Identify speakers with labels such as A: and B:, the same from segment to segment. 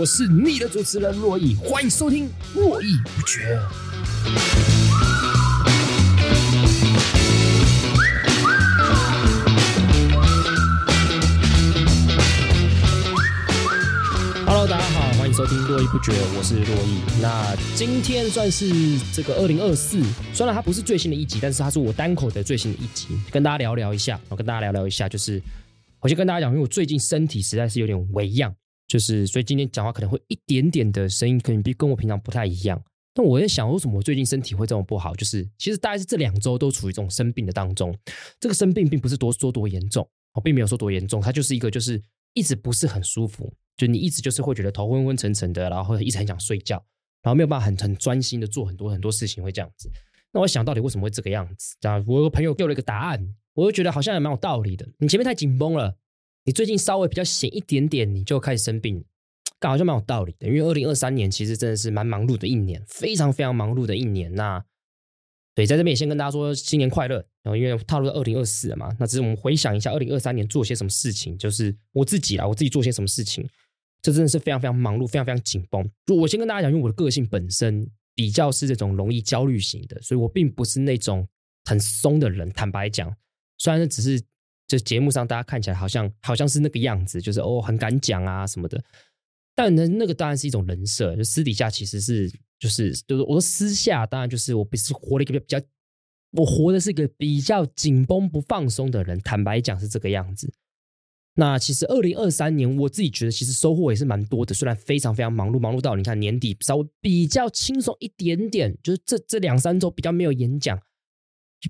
A: 我是你的主持人珞亦，歡迎收聽《絡繹不絕》。Hello，大家好，歡迎收聽《絡繹不絕》，我是珞亦。那今天算是這個二零二四，雖然它不是最新的一集，但是它是我單口的最新的一集，跟大家聊一聊一下。我跟大家聊一聊一下，就是我就跟大家講，因為我最近身體實在是有點微恙。就是，所以今天講話可能會一點點的聲音，可能比跟我平常不太一樣。那我在想，為什麼我最近身體會這麼不好？就是其實大概是這兩周都處於這種生病的當中。這個生病並不是多說多嚴重，我並沒有說多嚴重，它就是一個就是一直不是很舒服，就你一直就是會覺得頭昏昏沉沉的，然後一直很想睡覺，然後沒有辦法很很專心的做很多很多事情，會這樣子。那我想到底為什麼會這個樣子？我有個朋友給我了一個答案，我就覺得好像也蠻有道理的。你前面太緊繃了。你最近稍微比較閒一點點，你就開始生病，剛好就蠻有道理的。因為二零二三年其實真的是蠻忙碌的一年，非常非常忙碌的一年吶。對，在這邊也先跟大家說新年快樂。然後，因為踏入二零二四了嘛，那只是我們回想一下二零二三年做些什麼事情，就是我自己啊，我自己做些什麼事情，這真的是非常非常忙碌，非常非常緊繃。如果我先跟大家講，因為我的個性本身比較是這種容易焦慮型的，所以我並不是那種很鬆的人。坦白講，雖然只是。就節目上，大家看起來好像好像是那個樣子，就是哦，很敢講啊什麼的。但那那個當然是一種人設，就私底下其實是就是就是，就是，我說私下當然就是我不是活了一個比較，我活的是一個比較緊繃不放鬆的人，坦白講是這個樣子。那其實二零二三年我自己覺得其實收穫也是蠻多的，雖然非常非常忙碌，忙碌到你看年底稍微比較輕鬆一點點，就是這這兩三周比較沒有演講，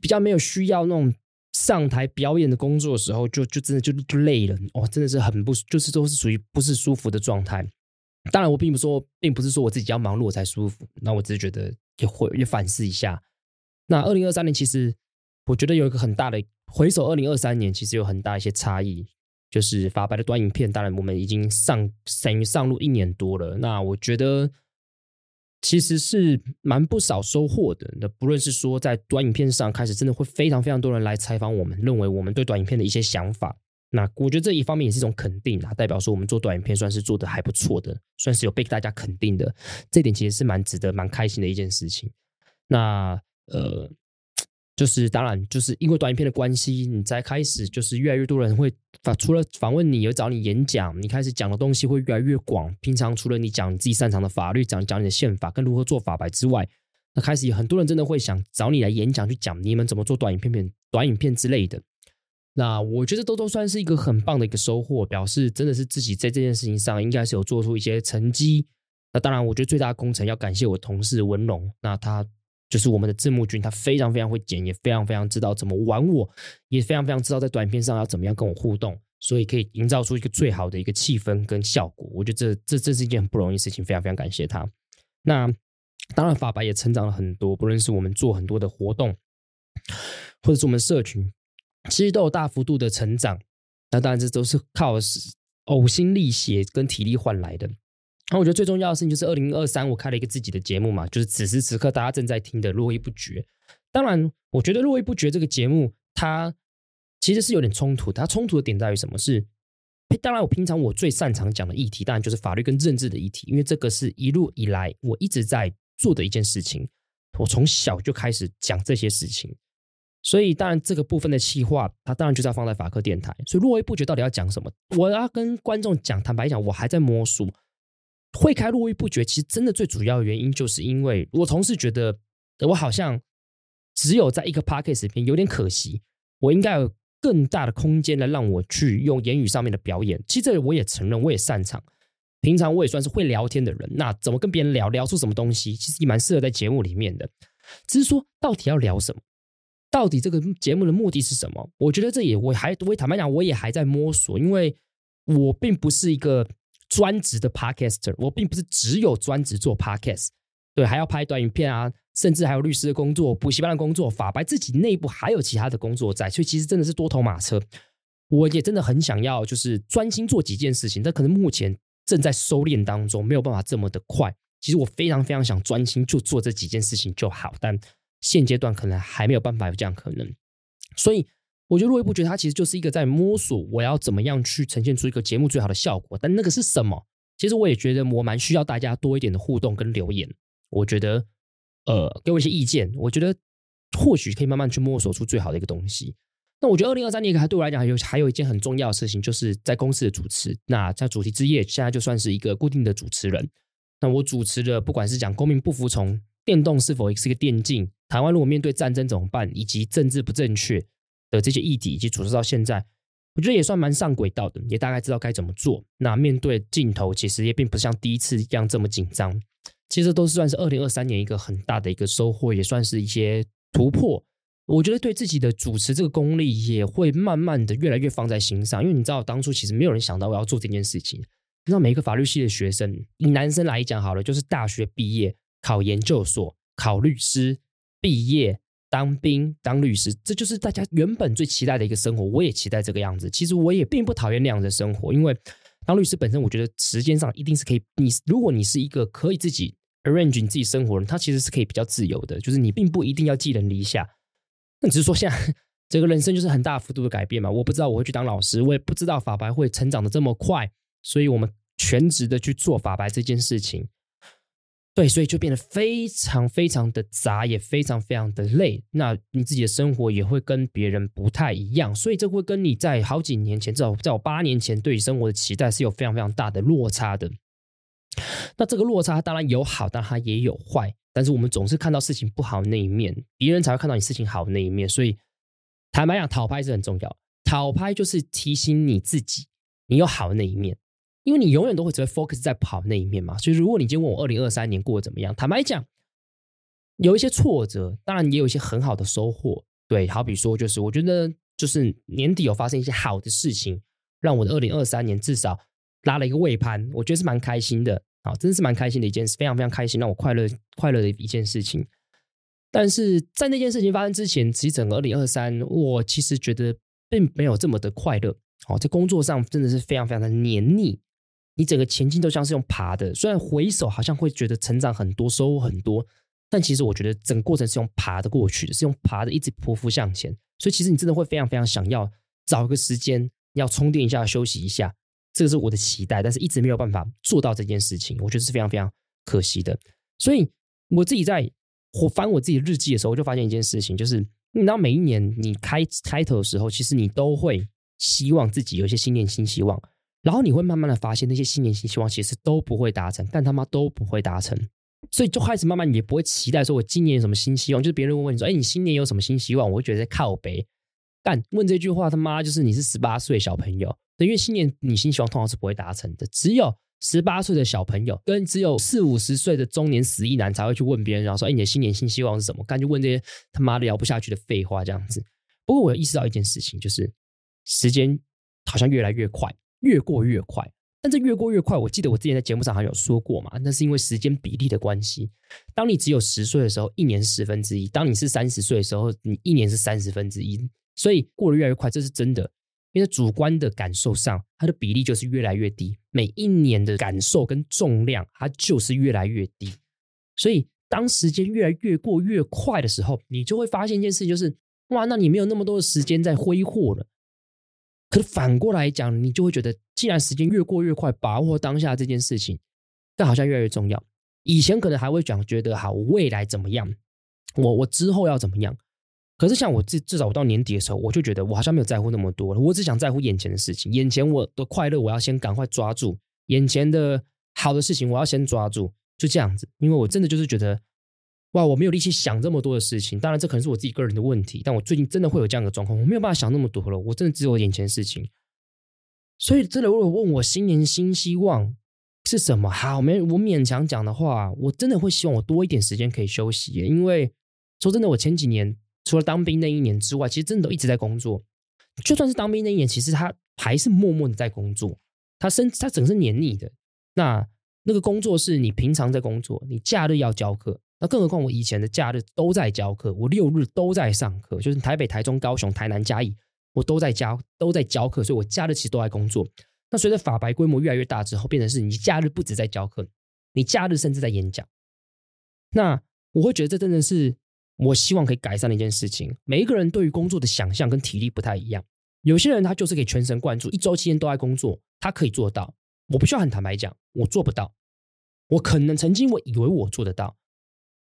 A: 比較沒有需要那種。上台表演的工作的時候就，就就真的就就累了哦，真的是很不，就是都是屬於不是舒服的狀態。當然，我並不說，並不是說我自己要忙碌我才舒服，那我只是覺得也回也反思一下。那二零二三年，其實我覺得有一個很大的回首，二零二三年其實有很大一些差異。就是法白的短影片，當然我們已經上等於上路一年多了。那我覺得。其實是蠻不少收穫的，那不論是說在短影片上開始，真的會非常非常多人來採訪我們，認為我們對短影片的一些想法。那我覺得這一方面也是一種肯定啊，代表說我們做短影片算是做得還不錯的，算是有被大家肯定的，這點其實是蠻值得、蠻開心的一件事情。那呃。就是當然，就是因為短影片的關係，你在開始就是越來越多人會訪，除了訪問你，有找你演講，你開始講的東西會越來越廣。平常除了你講你自己擅長的法律，講講你的憲法跟如何做法白之外，那開始有很多人真的會想找你來演講，去講你們怎麼做短影片片短影片之類的。那我覺得都都算是一個很棒的一個收穫，表示真的是自己在這件事情上應該是有做出一些成績。那當然，我覺得最大的功臣要感謝我同事文龍，那他。就是我們的字幕君，他非常非常會剪，也非常非常知道怎麼玩，我也非常非常知道在短片上要怎麼樣跟我互動，所以可以營造出一個最好的一個氣氛跟效果。我覺得這這這是一件很不容易的事情，非常非常感謝他。那當然，法白也成長了很多，不論是我們做很多的活動，或者是我們社群，其實都有大幅度的成長。那當然，這都是靠嘔，嘔心瀝血跟體力換來的。然後、啊、我覺得最重要的是，就是二零二三我開了一個自己的節目嘛，就是此時此刻大家正在聽的《珞亦不絕》。當然，我覺得《珞亦不絕》這個節目它其實是有點衝突。它衝突的點在於什麼？是、欸，當然我平常我最擅長講的議題，當然就是法律跟政治的議題，因為這個是一路以來我一直在做的一件事情，我從小就開始講這些事情。所以，當然這個部分的企劃，它當然就是要放在法客電台。所以，《珞亦不絕》到底要講什麼？我要跟觀眾講，坦白講，我還在摸索。會開絡繹不絕，其實真的最主要的原因，就是因為我同事覺得我好像只有在一個 podcast 裡面，有點可惜，我應該有更大的空間來讓我去用言語上面的表演。其實這個我也承認，我也擅長，平常我也算是會聊天的人。那怎麼跟別人聊聊出什麼東西，其實也蠻適合在節目裡面的。只是說到底要聊什麼，到底這個節目的目的是什麼？我覺得這也我還我坦白講，我也還在摸索，因為我並不是一個。專職的 Podcaster 我並不是只有專職做 Podcast 對，還要拍短影片啊，甚至還有律師的工作，補習班的工作，法白自己內部還有其他的工作在，所以其實真的是多頭馬車。我也真的很想要，就是專心做幾件事情，但可能目前正在收斂當中，沒有辦法這麼的快。其實我非常非常想專心就做這幾件事情就好，但現階段可能還沒有辦法有這樣可能，所以。我覺得路不覺得它其實就是一個在摸索，我要怎麼樣去呈現出一個節目最好的效果，但那個是什麼？其實我也覺得我蠻需要大家多一點的互動跟留言。我覺得，呃，給我一些意見，我覺得或許可以慢慢去摸索出最好的一個東西。那我覺得二零二三年還對我來講，還有還有一件很重要的事情，就是在公司的主持。那在主題之夜，現在就算是一個固定的主持人。那我主持的，不管是講公民不服從、電動是否是一個電競、台灣如果面對戰爭怎麼辦，以及政治不正確的這些議題以及主持到現在，我覺得也算蠻上軌道的，也大概知道該怎麼做。那面對鏡頭，其實也並不像第一次一樣這麼緊張。其實都是算是二零二三年一個很大的一個收穫，也算是一些突破。我覺得對自己的主持這個功力，也會慢慢的越來越放在心上。因為你知道，當初其實沒有人想到我要做這件事情。你知道，每一個法律系的學生，以男生來講好了，就是大學畢業，考研究所，考律師，畢業。當兵、當律師，這就是大家原本最期待的一個生活。我也期待這個樣子。其實我也並不討厭那樣的生活，因為當律師本身，我覺得時間上一定是可以。你如果你是一個可以自己 arrange 你自己生活的人，他其實是可以比較自由的。就是你並不一定要寄人籬下。那只是說現在整、這個人生就是很大幅度的改變嘛。我不知道我會去當老師，我也不知道法白會成長的這麼快，所以我們全職的去做法白這件事情。對，所以就變得非常非常的雜，也非常非常的累。那你自己的生活也會跟別人不太一樣，所以這會跟你在好幾年前，至少在我八年前對你生活的期待是有非常非常大的落差的。那這個落差當然有好，但它也有壞。但是我們總是看到事情不好的那一面，別人才會看到你事情好的那一面。所以坦白講，討拍是很重要。討拍就是提醒你自己，你有好的那一面。因為你永遠都會只會 focus 在跑那一面嘛，所以如果你今天問我二零二三年過得怎麼樣？坦白講，有一些挫折，當然也有一些很好的收穫。對，好比說就是我覺得就是年底有發生一些好的事情，讓我的二零二三年至少拉了一個尾盤，我覺得是蠻開心的。好，真的是蠻開心的一件事，非常非常開心，讓我快樂快樂的一件事情。但是在那件事情發生之前，其實整個二零二三我其實覺得並沒有這麼的快樂。好，在工作上真的是非常非常的黏膩。你整個前進都像是用爬的，雖然回首好像會覺得成長很多，收穫很多，但其實我覺得整個過程是用爬的過去，是用爬的，一直匍匐向前。所以其實你真的會非常非常想要找一個時間，要充電一下，休息一下，這個是我的期待，但是一直沒有辦法做到這件事情，我覺得是非常非常可惜的。所以我自己在我翻我自己日記的時候，我就發現一件事情，就是你知道每一年你開開頭的時候，其實你都會希望自己有一些新年新希望。然後你會慢慢的發現，那些新年新希望其實都不會達成，但他媽都不會達成，所以就開始慢慢也不會期待，說我今年有什麼新希望。就是別人問你說，哎，你新年有什麼新希望？我會覺得在靠北，但問這句話他媽就是你是十八歲小朋友，因為新年你新希望通常是不會達成的。只有十八歲的小朋友，跟只有四五十歲的中年失意男才會去問別人，然後說，哎，你的新年新希望是什麼？乾脆問這些他媽的聊不下去的廢話這樣子。不過我有意識到一件事情，就是時間好像越來越快。越過越快，但這越過越快，我記得我之前在節目上好像有說過嘛，那是因為時間比例的關係。當你只有十歲的時候，一年是十分之一；當你是三十歲的時候，你一年是三十分之一。所以過得越來越快，這是真的，因為主觀的感受上，它的比例就是越來越低。每一年的感受跟重量，它就是越來越低。所以當時間越來越過越快的時候，你就會發現一件事，就是哇，那你沒有那麼多的時間在揮霍了。可是反過來講，你就會覺得，既然時間越過越快，把握當下這件事情，但好像越來越重要。以前可能還會講，覺得好，我未來怎麼樣，我我之後要怎麼樣？可是像我至至少我到年底的時候，我就覺得我好像沒有在乎那麼多了，我只想在乎眼前的事情，眼前我的快樂，我要先趕快抓住眼前的好的事情，我要先抓住，就這樣子，因為我真的就是覺得。哇！Wow, 我沒有力氣想這麼多的事情。當然，這可能是我自己個人的問題。但我最近真的會有這樣的狀況，我沒有辦法想那麼多了。我真的只有眼前事情。所以，真的，如果問我新年新希望是什麼，好，沒，我勉強講的話，我真的會希望我多一點時間可以休息耶。因為說真的，我前幾年除了當兵那一年之外，其實真的都一直在工作。就算是當兵那一年，其實他還是默默的在工作。他身他整個是黏膩的。那那個工作是你平常在工作，你假日要教課，那更何況我以前的假日都在教課，我六日都在上課，就是台北、台中、高雄、台南、嘉義，我都在教都在教課，所以我假日其實都在工作。那隨着法白規模越來越大之後，變成是你假日不止在教課，你假日甚至在演講。那我會覺得這真的是我希望可以改善的一件事情。每一個人對於工作的想象跟體力不太一樣，有些人他就是可以全神貫注，一周期間都在工作，他可以做到。我不需要很坦白講，我做不到。我可能曾經我以為我做得到。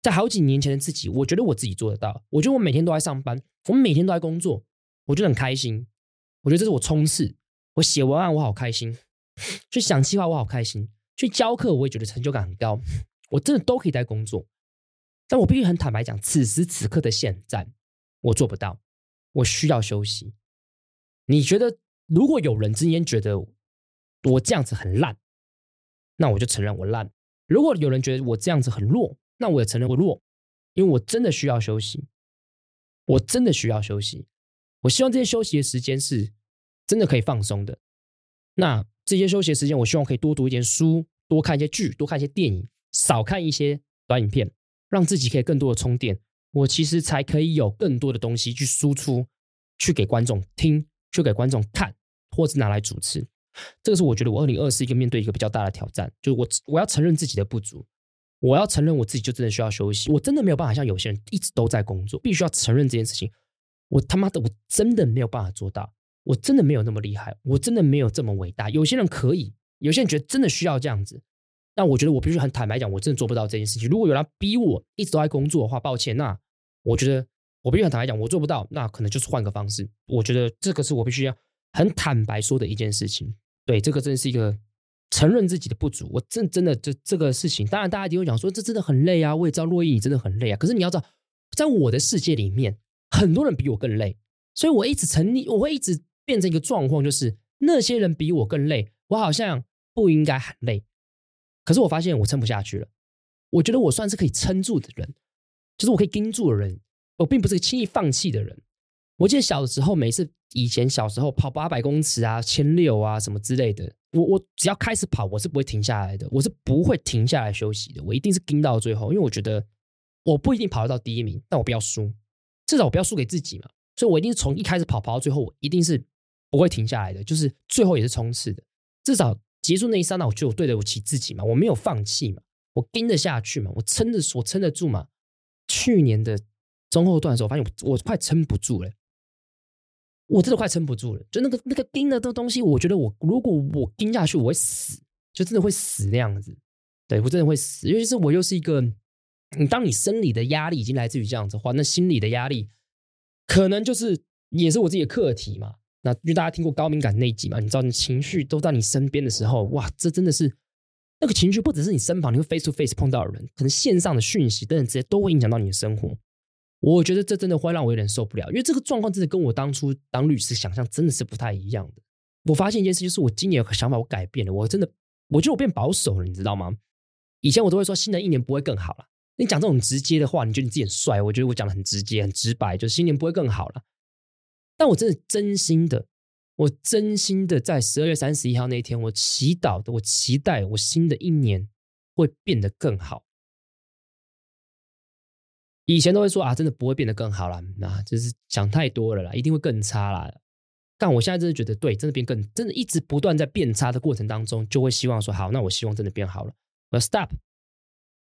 A: 在好幾年前的自己，我覺得我自己做得到。我覺得我每天都在上班，我每天都在工作，我覺得很開心。我覺得這是我衝刺。我寫文案，我好開心；去想計劃，我好開心；去教課，我也覺得成就感很高。我真的都可以在工作，但我必須很坦白講，此時此刻的現在，我做不到。我需要休息。你覺得，如果有人今天覺得我這樣子很爛，那我就承認我爛；如果有人覺得我這樣子很弱，那我也承認，我弱，因為我真的需要休息，我真的需要休息。我希望這些休息的時間是真的可以放鬆的。那這些休息的時間，我希望可以多讀一點書，多看一些劇，多看一些電影，少看一些短影片，讓自己可以更多的充電。我其實才可以有更多的東西去輸出，去給觀眾聽，去給觀眾看，或是拿來主持。這個是我覺得我二零二四是一個面對一個比較大的挑戰，就是我我要承認自己的不足。我要承認我自己就真的需要休息，我真的沒有辦法像有些人一直都在工作，必須要承認這件事情。我他媽的，我真的沒有辦法做到，我真的沒有那麼厲害，我真的沒有這麼偉大。有些人可以，有些人覺得真的需要這樣子，但我覺得我必須很坦白講，我真的做不到這件事情。如果有人逼我一直都在工作的話，抱歉，那我覺得我必須很坦白講，我做不到。那可能就是換個方式。我覺得這個是我必須要很坦白說的一件事情。對，這個真的是一個。承認自己的不足，我真的真的這這個事情，當然大家也會講說，這真的很累啊，我也知道珞亦你真的很累啊。可是你要知道，在我的世界裡面，很多人比我更累，所以我一直沉溺，我會一直變成一個狀況，就是那些人比我更累，我好像不應該喊累。可是我發現我撐不下去了，我覺得我算是可以撐住的人，就是我可以盯住的人，我並不是輕易放棄的人。我記得小的時候，每次。以前小時候跑八百公尺啊、千六啊，什麼之類的，我我只要開始跑，我是不會停下來的，我是不會停下來休息的，我一定是撐到最後，因為我覺得我不一定跑得到第一名，但我不要輸，至少我不要輸給自己嘛，所以我一定是從一開始跑跑到最後，我一定是不會停下來的，就是最後也是衝刺的，至少結束那一剎那，我就對得起自己嘛，我沒有放棄嘛，我撐得下去嘛，我撐得我撐得住嘛。去年的中後段的時候，我發現我我快撐不住了，欸。我真的快撐不住了，就那個那個盯的東東西，我覺得我如果我盯下去，我會死，就真的會死那樣子。對，我真的會死，尤其是我又是一個，你當你生理的壓力已經來自於這樣子的話，那心理的壓力可能就是也是我自己的課題嘛。那就大家聽過高敏感那集嘛，你知道你情緒都在你身邊的時候，哇，這真的是那個情緒不只是你身旁，你會 face to face 碰到的人，可能線上的訊息等等這些都會影響到你的生活。我覺得這真的會讓我有點受不了，因為這個狀況真的跟我當初當律師想象真的是不太一樣的。我發現一件事，就是我今年有個想法，我改變了。我真的，我覺得我變保守了，你知道嗎？以前我都會說新的一年不會更好了。你講這種直接的話，你覺得你自己很帥？我覺得我講的很直接、很直白，就是新年不會更好了。但我真的真心的，我真心的在十二月三十一號那一天，我祈禱的，我期待我新的一年會變得更好。以前都會說啊，真的不會變得更好了。那、啊、就是想太多了啦，一定會更差啦。但我現在真的覺得對，真的變更，真的一直不斷在變差的過程當中，就會希望說好，那我希望真的變好了。我要 stop，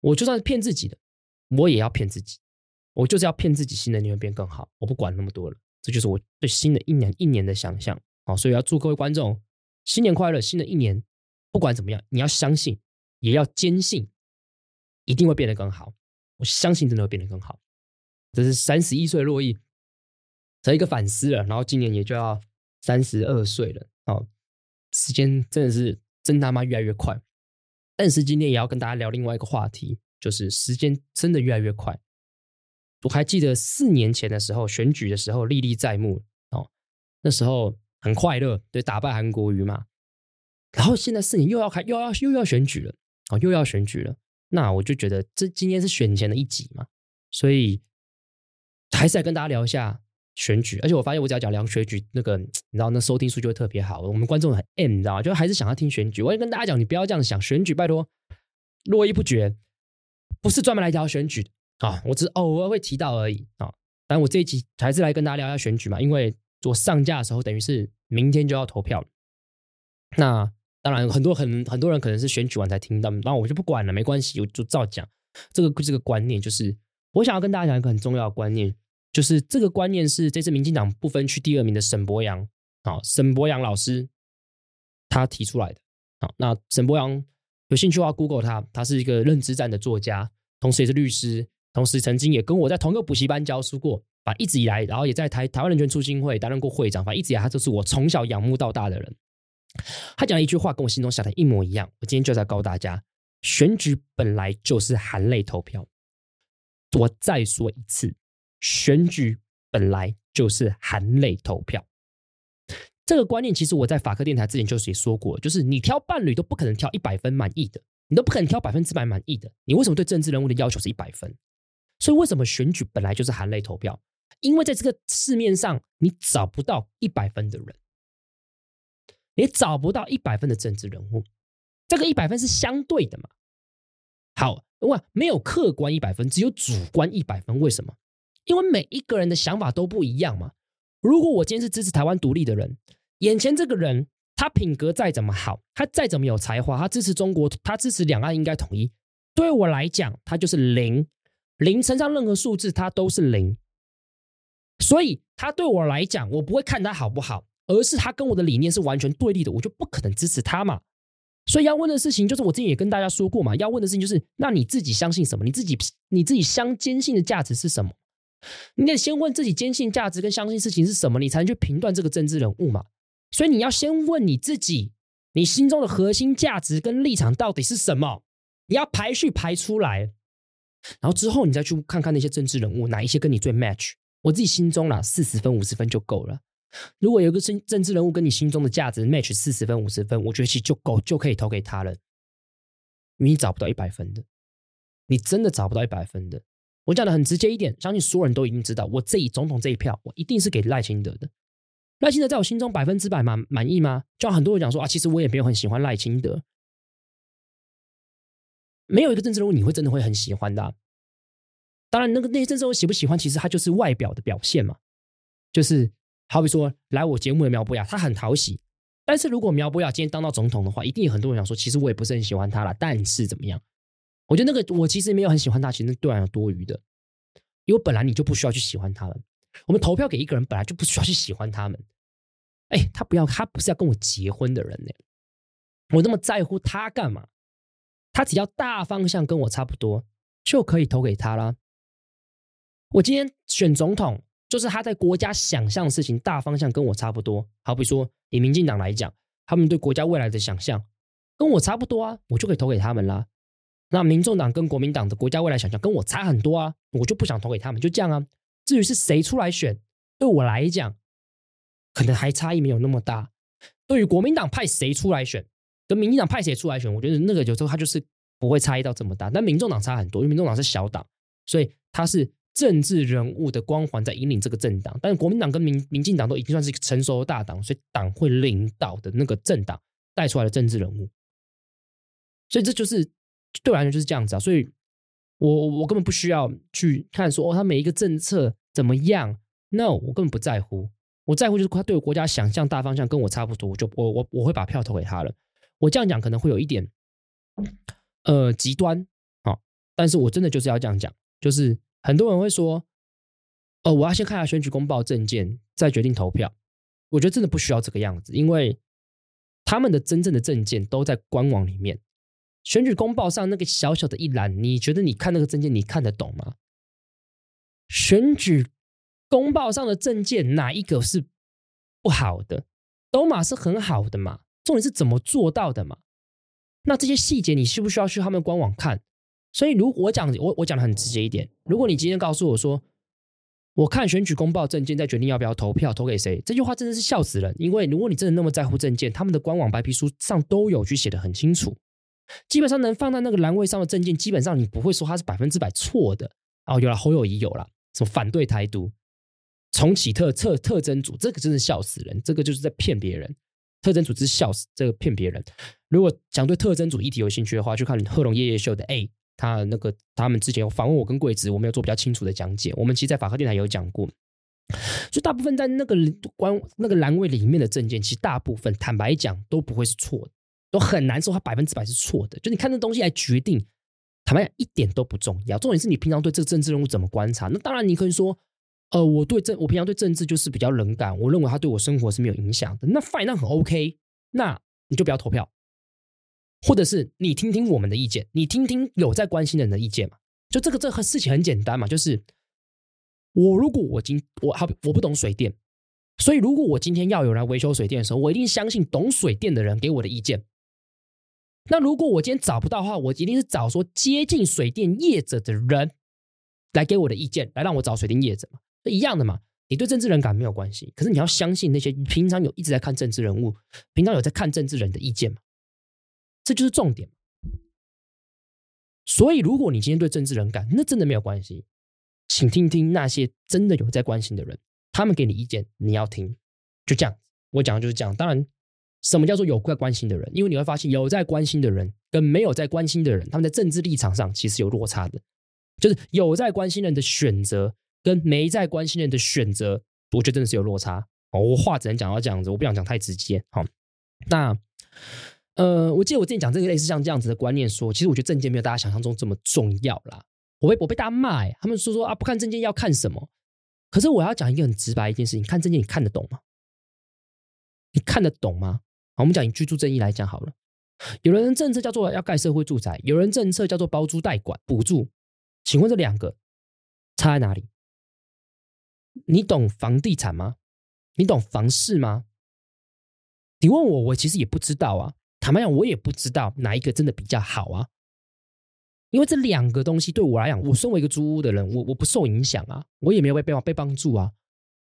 A: 我就算是騙自己的，我也要騙自己，我就是要騙自己，新的一年變更好。我不管那麼多了，這就是我對新的一年一年的想象。好，所以要祝各位觀眾新年快樂，新的一年不管怎麼樣，你要相信，也要堅信，一定會變得更好。我相信真的會變得更好。這是三十一歲珞，珞亦的一個反思了。然後今年也就要三十二歲了。哦，時間真的是真他媽越來越快。但是今天也要跟大家聊另外一個話題，就是時間真的越來越快。我還記得四年前的時候選舉的時候歷歷在目哦，那時候很快樂，對，打敗韓國瑜嘛。然後現在四年又要開又要又要選舉了哦，又要選舉了。那我就覺得這今天是選前的一集嘛，所以還是來跟大家聊一下選舉。而且我發現我只要講兩選舉，那個你知道那收聽數就會特別好。我們觀眾很 N 你知道就還是想要聽選舉。我也跟大家講，你不要這樣想，選舉拜托珞亦不絕，不是專門來聊選舉的啊，我只偶爾會提到而已啊。但我這一集還是來跟大家聊一下選舉嘛，因為我上架的時候等於是明天就要投票，那。當然，很多很很多人可能是選舉完才聽到，然後我就不管了，沒關係，我就照講。這個這個觀念，就是我想要跟大家講一個很重要的觀念，就是這個觀念是這次民進黨不分區第二名的沈伯洋。啊，沈伯洋老師他提出來的。好，那沈伯洋有興趣的話，Google 他，他是一個認知戰的作家，同時也是律師，同時曾經也跟我在同一個補習班教書過，反一直以來，然後也在台台灣人權促進會擔任過會長，反一直以來他就是我從小仰慕到大的人。他講了一句話，跟我心中想的一模一樣。我今天就是要告訴大家，選舉本來就是含淚投票。我再說一次，選舉本來就是含淚投票。這個觀念其實我在法科電台之前就是也說過，就是你挑伴侶都不可能挑一百分滿意的，你都不可能挑百分之百滿意的。你為什麼對政治人物的要求是一百分？所以為什麼選舉本來就是含淚投票？因為在這個市面上，你找不到一百分的人。也找不到一百分的政治人物，這個一百分是相對的嘛。好，哇，沒有客觀一百分，只有主觀一百分。為什麼？因為每一個人的想法都不一樣嘛。如果我今天是支持台灣獨立的人，眼前這個人，他品格再怎麼好，他再怎麼有才華，他支持中國，他支持兩岸應該統一，對我來講，他就是零，零乘上任何數字，他都是零。所以，他對我來講，我不會看他好不好。而是他跟我的理念是完全對立的，我就不可能支持他嘛。所以要問的事情就是，我之前也跟大家說過嘛，要問的事情就是，那你自己相信什麼？你自己你自己相堅信的價值是什麼？你得先問自己堅信價值跟相信事情是什麼，你才能去評斷這個政治人物嘛。所以你要先問你自己，你心中的核心價值跟立場到底是什麼？你要排序排出來，然後之後你再去看看那些政治人物哪一些跟你最 match。我自己心中啦，四十分五十分就夠了。如果有個政政治人物跟你心中的價值 match 四十分、五十分，我覺得其就夠，就可以投給他了，因為你找不到一百分的，你真的找不到一百分的。我講的很直接一點，相信所有人都已經知道，我這一總統這一票，我一定是給賴清德的。賴清德在我心中百分之百滿滿意嗎？就像很多人講說啊，其實我也沒有很喜歡賴清德，沒有一個政治人物你會真的會很喜歡的、啊。當然，那個那些政治人物喜不喜、不喜歡，其實他就是外表的表現嘛，就是。好比說，來我節目的苗博雅，他很討喜。但是如果苗博雅今天當到總統的話，一定有很多人想說，其實我也不是很喜歡他了。但是怎麼樣？我覺得那個我其實沒有很喜歡他，其實當然有多餘的，因為本來你就不需要去喜歡他們。我們投票給一個人，本來就不需要去喜歡他們。哎、欸，他不要，他不是要跟我結婚的人呢、欸。我那麼在乎他幹嘛？他只要大方向跟我差不多，就可以投給他了。我今天選總統。就是他在國家想象的事情大方向跟我差不多，好比說以民進黨來講，他們對國家未來的想象跟我差不多啊，我就可以投給他們啦。那民眾黨跟國民黨的國家未來想象跟我差很多啊，我就不想投給他們，就這樣啊。至於是誰出來選，對我來講，可能還差異沒有那麼大。對於國民黨派誰出來選，跟民進黨派誰出來選，我覺得那個有時候他就是不會差異到這麼大。但民眾黨差很多，因為民眾黨是小黨，所以他是。政治人物的光環在引領這個政黨，但是國民黨跟民民進黨都已經算是一個成熟的大黨，所以黨會領導的那個政黨帶出來的政治人物，所以這就是對我而言就是這樣子啊，所以我我根本不需要去看說哦他每一個政策怎麼樣，no，我根本不在乎，我在乎就是他對我國家想象大方向跟我差不多，我就我我我會把票投給他了。我這樣講可能會有一點呃極端，好，但是我真的就是要這樣講，就是。很多人會說：“哦，我要先看一下選舉公報政見，再決定投票。”我覺得真的不需要這個樣子，因為他們的真正的政見都在官網裡面。選舉公報上那個小小的一欄，你覺得你看那個政見，你看得懂嗎？選舉公報上的政見哪一個是不好的？都嘛，是很好的嘛？重點是怎麼做到的嘛？那這些細節，你需不需要去他們官網看？所以，如果我講，我我講的很直接一點。如果你今天告訴我說，我看選舉公報政見再決定要不要投票投給誰，這句話真的是笑死人。因為如果你真的那麼在乎政見，他們的官網白皮書上都有去寫的很清楚。基本上能放在那個欄位上的政見，基本上你不會說它是百分之百錯的。哦，有了侯友宜有了什麼反對台獨、重啟特特特偵組，這個真的是笑死人，這個就是在騙別人。特偵組是笑死，這個騙別人。如果想對特偵組議題有興趣的話，就看你賀瓏夜夜秀的 A。他那個，他們之前有訪問我跟貴智，我們有做比較清楚的講解。我們其實，在法客電台有講過，所以大部分在那個關那個欄位裡面的政見，其實大部分坦白講都不會是錯的，都很難說它百分之百是錯的。就你看這東西來決定，坦白講一點都不重要。重點是你平常對這個政治人物怎麼觀察。那當然你可以說，呃，我對政我平常對政治就是比較冷感，我認為他對我生活是沒有影響的。那 fine，那很 OK，那你就不要投票。或者是你聽聽我們的意見，你聽聽有在關心的人的意見嘛。就這個這個事情很簡單嘛，就是我如果我今我好我不懂水電，所以如果我今天要有人來維修水電的時候，我一定相信懂水電的人給我的意見。那如果我今天找不到的話，我一定是找說接近水電業者的人來給我的意見，來讓我找水電業者嘛，一樣的嘛。你對政治人感沒有關係，可是你要相信那些平常有一直在看政治人物，平常有在看政治人的意見嘛。這就是重點，所以如果你今天對政治冷感，那真的沒有關係，請聽聽那些真的有在關心的人，他們給你意見，你要聽，就這樣。我講的就是這樣。當然，什麼叫做有在關心的人？因為你會發現，有在關心的人跟沒有在關心的人，他們在政治立場上其實有落差的。就是有在關心人的選擇跟沒在關心人的選擇，我覺得真的是有落差。我話只能講到這樣子，我不想講太直接。好，那。呃，我記得我之前講這個類似像這樣子的觀念說，說其實我覺得政見沒有大家想象中這麼重要啦。我被我被大家罵，哎，他們說說啊，不看政見要看什麼？可是我要講一個很直白的一件事情，看政見你看得懂嗎？你看得懂嗎？我們講以居住正義來講好了，有人政策叫做要蓋社會住宅，有人政策叫做包租代管補助。請問這兩個差在哪裡？你懂房地產嗎？你懂房市嗎？你問我，我其實也不知道啊。坦白講，我也不知道哪一個真的比較好啊。因為這兩個東西對我來講，我身為一個租屋的人，我我不受影響啊，我也沒有被被幫被幫助啊。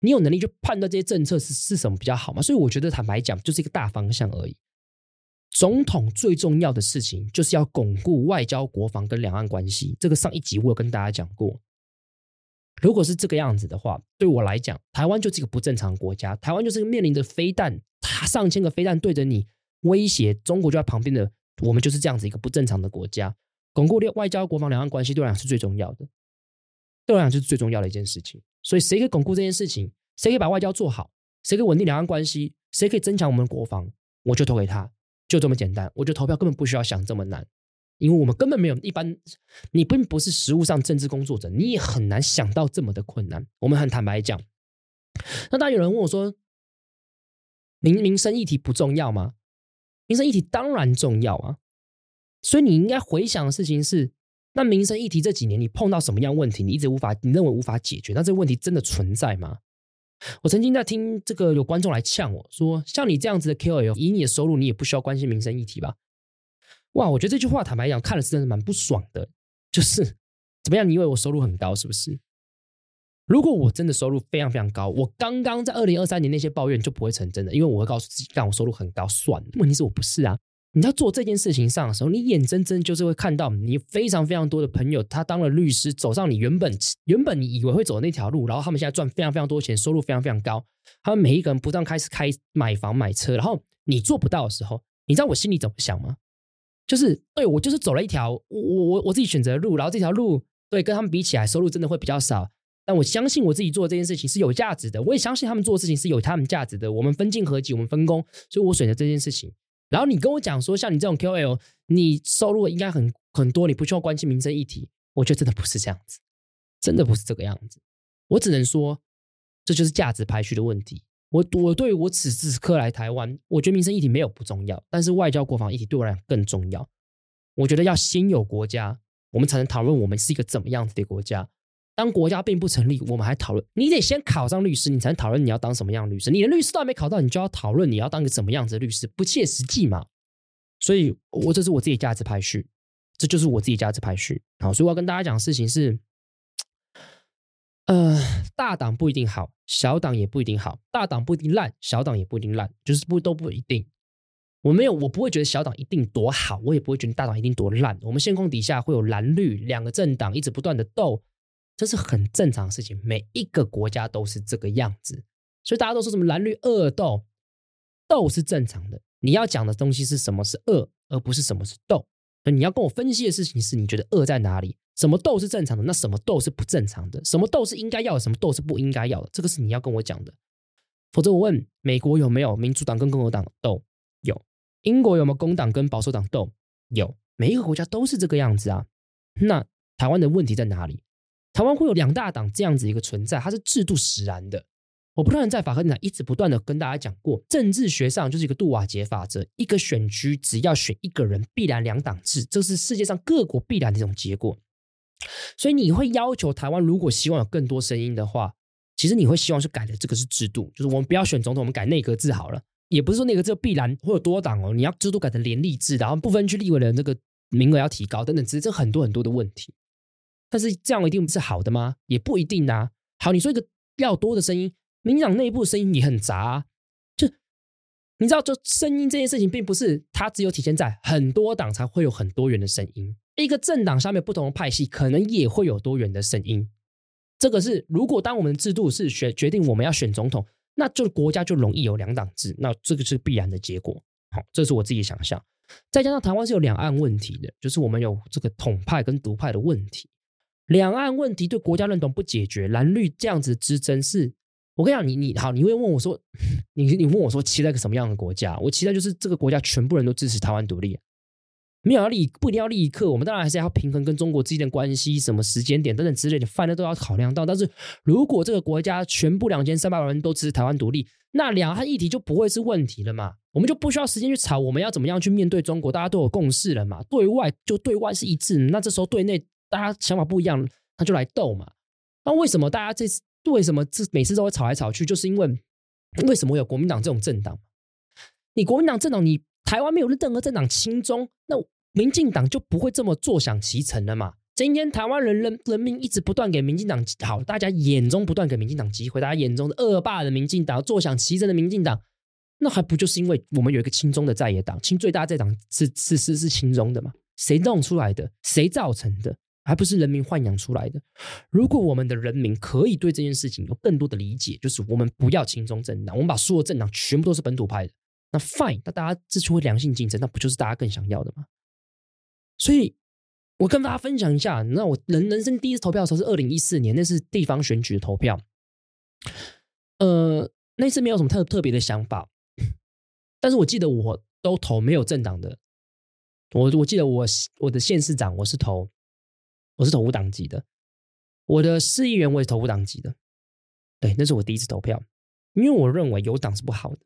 A: 你有能力去判斷這些政策是是什麼比較好嗎？所以我覺得，坦白講，就是一個大方向而已。總統最重要的事情就是要鞏固外交、國防跟兩岸關係。這個上一集我有跟大家講過。如果是這個樣子的話，對我來講，台灣就是一個不正常國家，台灣就是一個面臨着飛彈，上千個飛彈對着你。威脅中國就在旁邊的，我們就是這樣子一個不正常的國家。鞏固外交、國防、兩岸關係，對我來講是最重要的，對我來講就是最重要的一件事情。所以誰可以鞏固這件事情，誰可以把外交做好，誰可以穩定兩岸關係，誰可以增強我們的國防，我就投給他，就這麼簡單。我覺得投票根本不需要想這麼難，因為我們根本沒有一般，你並不是實務上政治工作者，你也很難想到這麼的困難。我們很坦白講，那當然有人問我說民，民民生議題不重要嗎？民生議題當然重要啊，所以你應該回想的事情是，那民生議題這幾年你碰到，什麼樣問題你一直無法，你認為無法解決，那這個問題真的存在嗎？我曾經在聽這個有觀眾來嗆我說，像你這樣子的 KOL，以你的收入，你也不需要關心民生議題吧？哇，我覺得這句話坦白講，看了是真的蠻不爽的，就是怎麼樣？你以為我收入很高是不是？如果我真的收入非常非常高，我剛剛在二零二三年那些抱怨就不會成真的，因為我會告訴自己，讓我收入很高算了。問題是，我不是啊！你要做這件事情上的時候，你眼睜睜就是會看到你非常非常多的朋友，他當了律師，走上你原本原本你以為會走的那條路，然後他們現在賺非常非常多錢，收入非常非常高，他們每一個人不斷開始開買房買車，然後你做不到的時候，你知道我心裡怎麼想嗎？就是對我就是走了一條我我我自己選擇的路，然後這條路對跟他們比起來，收入真的會比較少。但我相信我自己做這件事情是有價值的，我也相信他們做的事情是有他們價值的。我們分進合擊，我們分工，所以我選擇這件事情。然後你跟我講說，像你這種 QL，你收入應該很很多，你不需要關心民生議題。我覺得真的不是這樣子，真的不是這個樣子。我只能說，這就是價值排序的問題。我我對我此時此刻來台灣，我覺得民生議題沒有不重要，但是外交國防議題對我來講更重要。我覺得要先有國家，我們才能討論我們是一個怎麼樣子的國家。當國家並不成立，我們還討論，你得先考上律師，你才能討論你要當什麼樣律師。你連律師都還沒考到，你就要討論你要當個怎麼樣子的律師，不切實際嘛。所以，我這是我自己價值排序，這就是我自己價值排序。好，所以我要跟大家講的事情是，呃，大黨不一定好，小黨也不一定好，大黨不一定爛，小黨也不一定爛，就是不都不一定。我沒有，我不會覺得小黨一定多好，我也不會覺得大黨一定多爛。我們憲政底下會有藍綠兩個政黨一直不斷的鬥。這是很正常的事情，每一個國家都是這個樣子，所以大家都說什麼藍綠惡鬥，鬥是正常的。你要講的東西是什麼是惡，而不是什麼是鬥。所以你要跟我分析的事情是你覺得惡在哪裡，什麼鬥是正常的，那什麼鬥是不正常的，什麼鬥是應該要的，什麼鬥是不應該要的，這個是你要跟我講的。否則我問美國有沒有民主黨跟共和黨鬥？有。英國有沒有工黨跟保守黨鬥？有。每一個國家都是這個樣子啊。那台灣的問題在哪裡？台灣會有兩大黨這樣子一個存在，它是制度使然的。我不斷在法客裡面一直不斷的跟大家講過，政治學上就是一個杜瓦傑法則，一個選區只要選一個人，必然兩黨制，這是世界上各國必然的一種結果。所以你會要求台灣，如果希望有更多聲音的話，其實你會希望去改的這個是制度，就是我們不要選總統，我們改內閣制好了。也不是說內閣制度必然會有多黨哦，你要制度改成聯立制，然後不分區立委的人那個名額要提高等等，這這很多很多的問題。但是這樣一定不是好的嗎？也不一定啊。好，你說一個比較多的聲音，民進黨內部聲音也很雜啊。就你知道，就聲音這件事情，並不是它只有體現在很多黨才會有很多元的聲音。一個政黨下面不同的派系，可能也會有多元的聲音。這個是如果當我們的制度是選決定我們要選總統，那就國家就容易有兩黨制，那這個是必然的結果。好，這是我自己想象。再加上台灣是有兩岸問題的，就是我們有這個統派跟獨派的問題。兩岸問題對國家認同不解決，藍綠這樣子之爭是，我跟你講你，你你好，你會問我說，你你問我說，期待個什麼樣的國家？我期待就是這個國家全部人都支持台灣獨立，沒有要立，不一定要立刻，我們當然還是要平衡跟中國之間的關係，什麼時間點等等之類的，反正都要考量到。但是如果這個國家全部兩千三百萬人都支持台灣獨立，那兩岸議題就不會是問題了嘛，我們就不需要時間去吵，我們要怎麼樣去面對中國，大家都有共識了嘛，對外就對外是一致，那這時候對內。大家想法不一樣，他就來鬥嘛。那、啊、為什麼大家這次為什麼這每次都會吵來吵去？就是因為為什麼會有國民黨這種政黨？你國民黨政黨，你台灣沒有任何政黨親中，那民進黨就不會這麼坐享其成了嘛？今天台灣人人，人民一直不斷給民進黨好，大家眼中不斷給民進黨機會，大家眼中的惡霸的民進黨，坐享其成的民進黨，那還不就是因為我們有一個親中的在野黨？親最大在黨是是是是親中的嘛？誰弄出來的？誰造成的？還不是人民豢養出來的。如果我們的人民可以對這件事情有更多的理解，就是我們不要傾中政黨，我們把所有的政黨全部都是本土派的。那 fine，那大家自出會良性競爭，那不就是大家更想要的嗎？所以，我跟大家分享一下，那我人人生第一次投票的時候是二零一四年，那是地方選舉的投票。呃，那次沒有什麼特特別的想法，但是我記得我都投沒有政黨的。我我記得我我的縣市長我是投。我是投無黨籍的，我的市議員我也是投無黨籍的，對，那是我第一次投票，因為我認為有黨是不好的。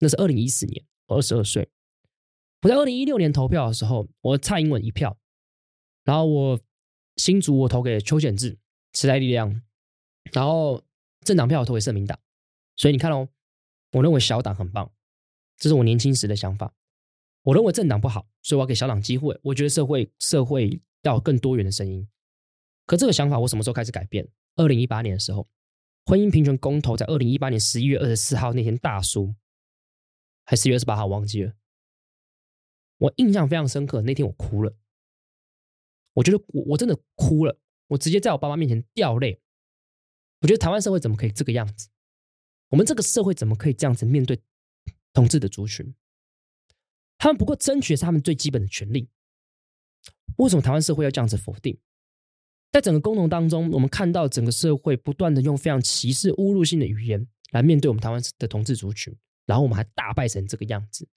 A: 那是二零一四年，我二十二歲。我在二零一六年投票的時候，我蔡英文一票，然後我新竹我投給邱顯智，時代力量，然後政黨票我投給社民黨。所以你看哦，我認為小黨很棒，這是我年輕時的想法。我認為政黨不好，所以我要給小黨機會。我覺得社會社會，要有更多元的聲音，可這個想法我什麼時候開始改變？二零一八年的時候，婚姻平權公投在二零一八年十一月二十四號那天大輸，還是十一月二十八號，我忘記了。我印象非常深刻，那天我哭了，我覺得我我真的哭了，我直接在我爸媽面前掉淚。我覺得台灣社會怎麼可以這個樣子？我們這個社會怎麼可以這樣子面對同志的族群？他們不過爭取的是他們最基本的權利。為什麼台灣社會要這樣子否定？在整個公投當中，我們看到整個社會不斷的用非常歧視、侮辱性的語言來面對我們台灣的同志族群，然後我們還大敗成這個樣子。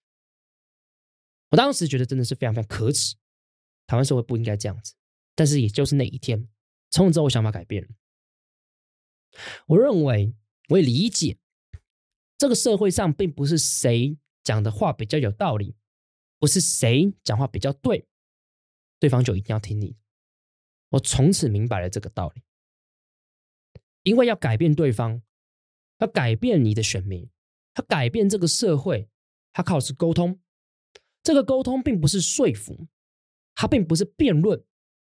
A: 我當時覺得真的是非常非常可恥，台灣社會不應該這樣子。但是也就是那一天，從此之後我想法改變了。我認為我也理解，這個社會上並不是誰講的話比較有道理，不是誰講話比較對，對方就一定要聽你的。我從此明白了這個道理，因為要改變對方，要改變你的選民，他改變這個社會，他靠的是溝通。這個溝通並不是說服，他並不是辯論，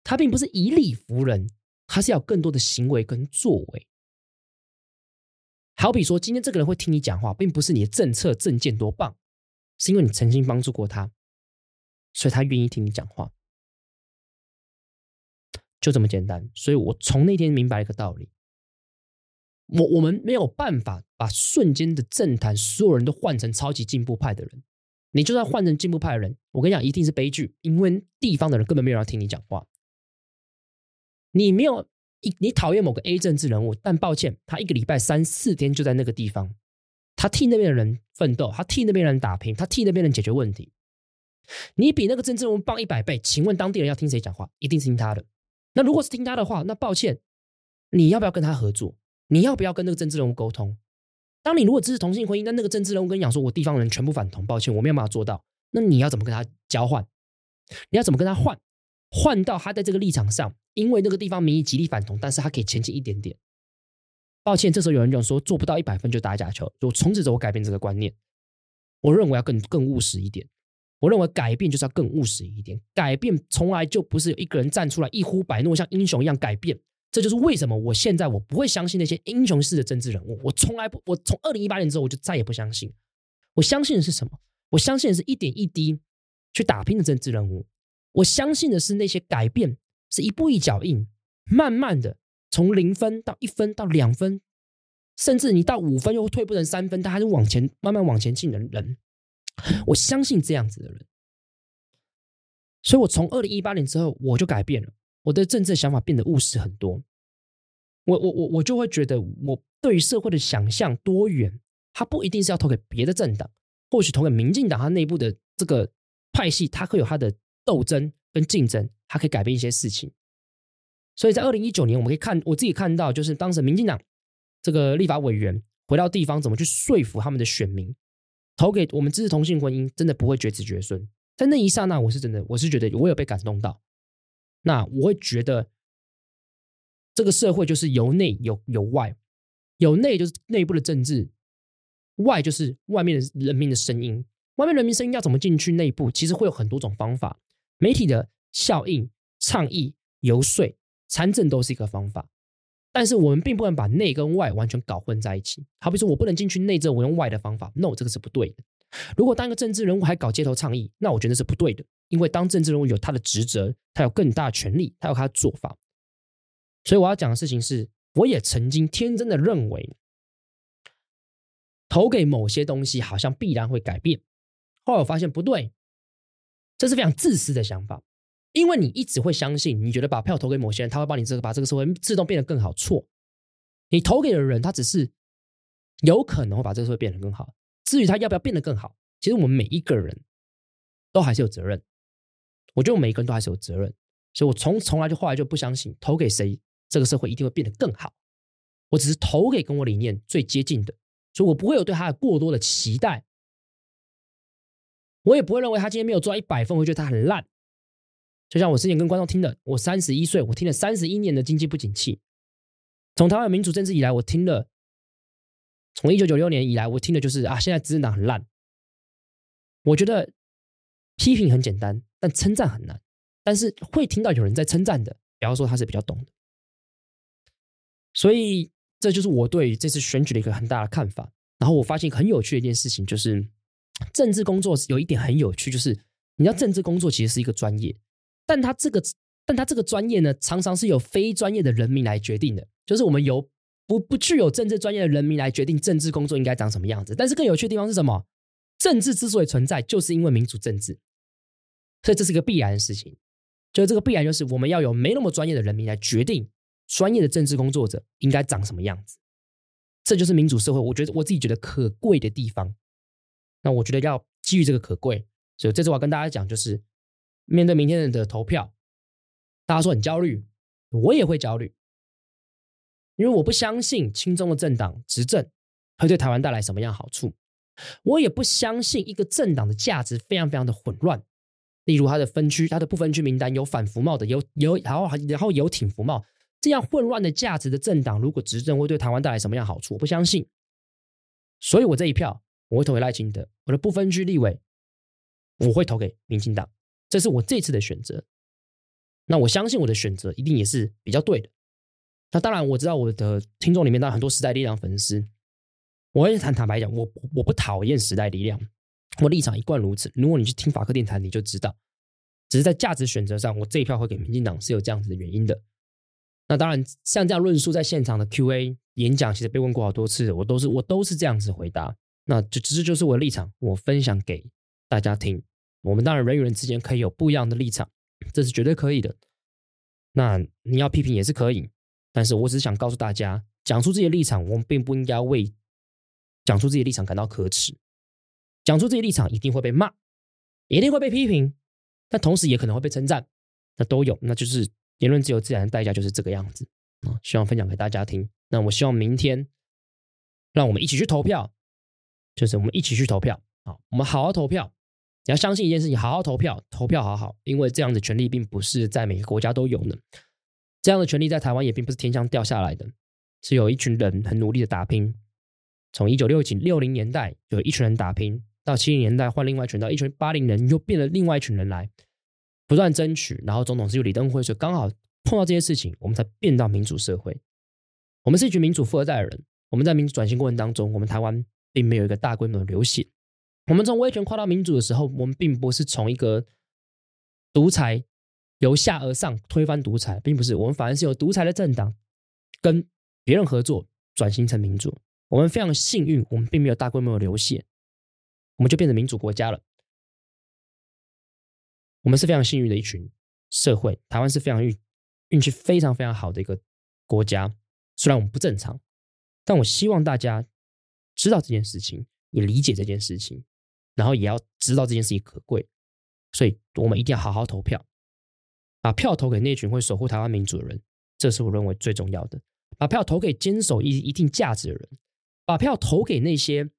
A: 他並不是以理服人，他是要更多的行為跟作為。好比說，今天這個人會聽你講話，並不是你的政策政見多棒，是因為你曾經幫助過他，所以他願意聽你講話。就這麼簡單，所以我從那天明白了一個道理：我我們沒有辦法把瞬間的政壇所有人都換成超級進步派的人。你就算換成進步派的人，我跟你講，一定是悲劇，因為地方的人根本沒有要聽你講話。你沒有，你討厭某個 A 政治人物，但抱歉，他一個禮拜三四天就在那個地方，他替那邊的人奮鬥，他替那邊人打拼，他替那邊人解決問題。你比那個政治人物棒一百倍，請問當地人要聽誰講話？一定是聽他的。那如果是聽他的話，那抱歉，你要不要跟他合作？你要不要跟那個政治人物溝通？當你如果支持同性婚姻，那那個政治人物跟你講說，我地方人全部反同，抱歉，我沒有辦法做到。那你要怎麼跟他交換？你要怎麼跟他換？換到他在這個立場上，因為那個地方民意極力反同，但是他可以前進一點點。抱歉，這時候有人就說，做不到一百分就打假球。我從此之後我改變這個觀念，我認為要更更務實一點。我認為改變就是要更務實一點。改變從來就不是有一個人站出來一呼百諾，像英雄一樣改變。這就是為什麼我現在我不會相信那些英雄式的政治人物。我從來不，我從二零一八年之後我就再也不相信。我相信的是什麼？我相信的是一點一滴去打拼的政治人物。我相信的是那些改變是一步一腳印，慢慢的從零分到一分到兩分，甚至你到五分又退步成三分，他還是往前慢慢往前進的人。我相信這樣子的人，所以我從二零一八年之後，我就改變了我的政治想法，變得務實很多。我我我我就會覺得，我對於社會的想象多元，他不一定是要投給別的政黨，或許投給民進黨，他內部的這個派系，他會有他的鬥爭跟競爭，他可以改變一些事情。所以在二零一九年，我們可以看我自己看到，就是當時民進黨這個立法委員回到地方，怎麼去說服他們的選民。投給我們支持同性婚姻，真的不會絕子絕孫。在那一剎那，我是真的，我是覺得我有被感動到。那我會覺得，這個社會就是由內由由外，由內就是內部的政治，外就是外面的人民的聲音。外面人民聲音要怎麼進去內部？其實會有很多種方法，媒體的效應、倡議、遊說、參政都是一個方法。但是我們並不能把內跟外完全搞混在一起。好比說我不能進去內政，我用外的方法，No，這個是不對的。如果當一個政治人物還搞街頭倡議，那我覺得是不對的。因為當政治人物有他的職責，他有更大權力，他有他的做法。所以我要講的事情是，我也曾經天真的認為，投給某些東西好像必然會改變。後來我發現不對，這是非常自私的想法。因為你一直會相信，你覺得把票投給某些人，他會幫你這個把這個社會自動變得更好。錯，你投給的人，他只是有可能會把這個社會變得更好。至於他要不要變得更好，其實我們每一個人都還是有責任。我覺得我們每一個人都還是有責任，所以我從從來就後來就不相信投給誰，這個社會一定會變得更好。我只是投給跟我理念最接近的，所以我不會有對他的過多的期待。我也不會認為他今天沒有做到一百分，會覺得他很爛。就像我之前跟觀眾聽的，我三十一歲，我聽了三十一年的經濟不景氣。從台灣民主政治以來，我聽了，從一九九六年以來，我聽的就是啊，現在執政黨很爛。我覺得批評很簡單，但稱讚很難。但是會聽到有人在稱讚的，比方說他是比較懂的。所以這就是我對這次選舉的一個很大的看法。然後我發現很有趣的一件事情就是，政治工作是有一點很有趣，就是你知道政治工作其實是一個專業。但他這個，但他這個專業呢，常常是由非專業的人民來決定的，就是我們由不不具有政治專業的人民來決定政治工作應該長什麼樣子。但是更有趣的地方是什麼？政治之所以存在，就是因為民主政治，所以這是一個必然的事情。就這個必然，就是我們要有沒那麼專業的人民來決定專業的政治工作者應該長什麼樣子。這就是民主社會，我覺得我自己覺得可貴的地方。那我覺得要基於這個可貴，所以這次我要跟大家講，就是。面對明天的投票，大家說很焦慮，我也會焦慮，因為我不相信親中的政黨執政會對台灣帶來什麼樣好處，我也不相信一個政黨的價值非常非常的混亂，例如他的分區，他的不分區名單有反服貿的，有有然後然後有挺服貿，這樣混亂的價值的政黨如果執政會對台灣帶來什麼樣好處？我不相信，所以我這一票我會投給賴清德，我的不分區立委我會投給民進黨。這是我這次的選擇，那我相信我的選擇一定也是比較對的。那當然，我知道我的聽眾裡面當然很多時代力量粉絲，我會坦坦白講，我我不討厭時代力量，我立場一貫如此。如果你去聽法客電台，你就知道，只是在價值選擇上，我這一票會給民進黨是有這樣子的原因的。那當然，像這樣論述在現場的 Q&A 演講，其實被問過好多次，我都是我都是這樣子回答。那這其實就是我的立場，我分享給大家聽。我們當然人與人之間可以有不一樣的立場，這是絕對可以的。那你要批評也是可以，但是我只是想告訴大家，講出自己的立場，我們並不應該為講出自己的立場感到可恥。講出自己的立場一定會被罵，一定會被批評，但同時也可能會被稱讚，那都有。那就是言論自由自然的代價就是這個樣子啊、哦。希望分享給大家聽。那我希望明天讓我們一起去投票，就是我們一起去投票，啊，我們好好投票。你要相信一件事情，好好投票，投票好好，因為這樣的權利並不是在每個國家都有的，這樣的權利在台灣也並不是天上掉下來的，是有一群人很努力的打拼，從一九六零年代有一群人打拼，到七零年代換另外一群，到一群八零人又變了另外一群人來不斷爭取，然後總統是有李登輝，所以剛好碰到這些事情，我們才變到民主社會。我們是一群民主富二代的人，我們在民主轉型過程當中，我們台灣並沒有一個大規模的流血。我們從威權跨到民主的時候，我們並不是從一個獨裁由下而上推翻獨裁，並不是，我們反而是由獨裁的政黨跟別人合作轉型成民主。我們非常幸運，我們並沒有大規模流血，我們就變成民主國家了。我們是非常幸運的一群社會，台灣是非常運運氣非常非常好的一個國家。雖然我們不正常，但我希望大家知道這件事情，也理解這件事情。然後也要知道這件事情可貴，所以我們一定要好好投票，把票投給那群會守護台灣民主的人，這是我認為最重要的。把票投給堅守一一定價值的人，把票投給那些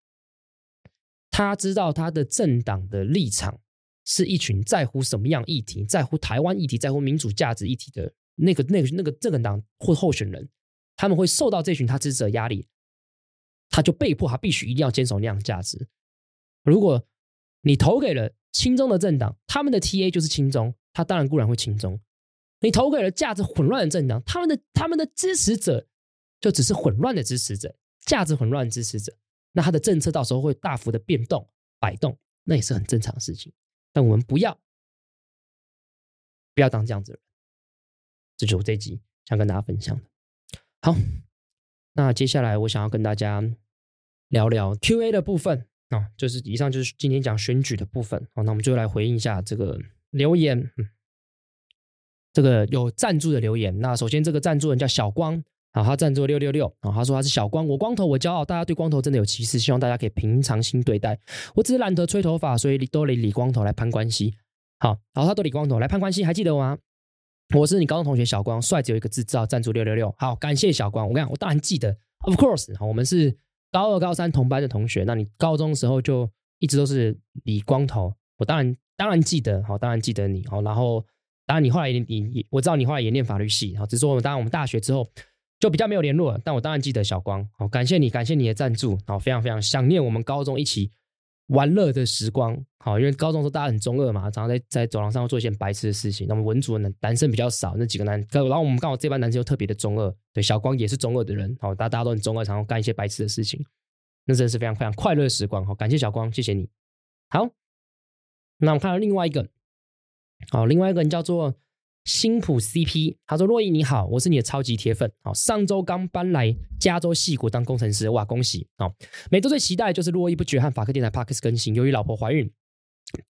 A: 他知道他的政黨的立場是一群在乎什麼樣議題，在乎台灣議題，在乎民主價值議題的那個那個那個這個黨或候選人，他們會受到這群他支持的壓力，他就被迫他必須一定要堅守那樣的價值。如果你投給了親中的政黨，他們的 TA 就是親中，他當然固然會親中。你投給了價值混亂的政黨，他們的他們的支持者就只是混亂的支持者，價值混亂支持者，那他的政策到時候會大幅的變動擺動，那也是很正常的事情。但我們不要不要當這樣子人，這就是我這集想跟大家分享的。好，那接下來我想要跟大家聊聊 QA 的部分。啊、哦，就是以上就是今天講選舉的部分好，哦，那我們就來回應一下這個留言，嗯、這個有贊助的留言。那首先，這個贊助人叫小光，好，他贊助六六六啊，他說他是小光，我光頭我驕傲。大家對光頭真的有歧視，希望大家可以平常心對待。我只是懶得吹頭髮，所以都來理，理光頭來攀關係。好，然後他都理光頭來攀關係，還記得我嗎？我是你高中同學小光，帥只有一個字，照贊助六六六。好，感謝小光，我跟你講，我當然記得，of course，好，哦，我們是。高二、高三同班的同學，那你高中的時候就一直都是李光頭，我當然當然記得，好、哦，當然記得你，好、哦，然後當然你後來也也我知道你後來也念法律系，然、哦、只是說我們當然我們大學之後就比較沒有聯絡了，但我當然記得小光，好、哦，感謝你，感謝你的贊助，好、哦、非常非常想念我們高中一起。玩樂的時光，好，因為高中時候大家很中二嘛，常常在在走廊上會做一些白癡的事情。那麼文組的男，男生比較少，那幾個男，然後我們剛好這班男生又特別的中二，對，小光也是中二的人，好，大家都很中二，常常幹一些白癡的事情，那真的是非常非常快樂的時光，好，感謝小光，謝謝你，好，那我們看到另外一個，好，另外一個人叫做。新浦 CP，他說：“珞亦你好，我是你的超級鐵粉。好，上周剛搬來加州矽谷當工程師，哇，恭喜！好、哦，每周最期待就是珞亦不絕和法客電台 Parks 更新。由於老婆懷孕，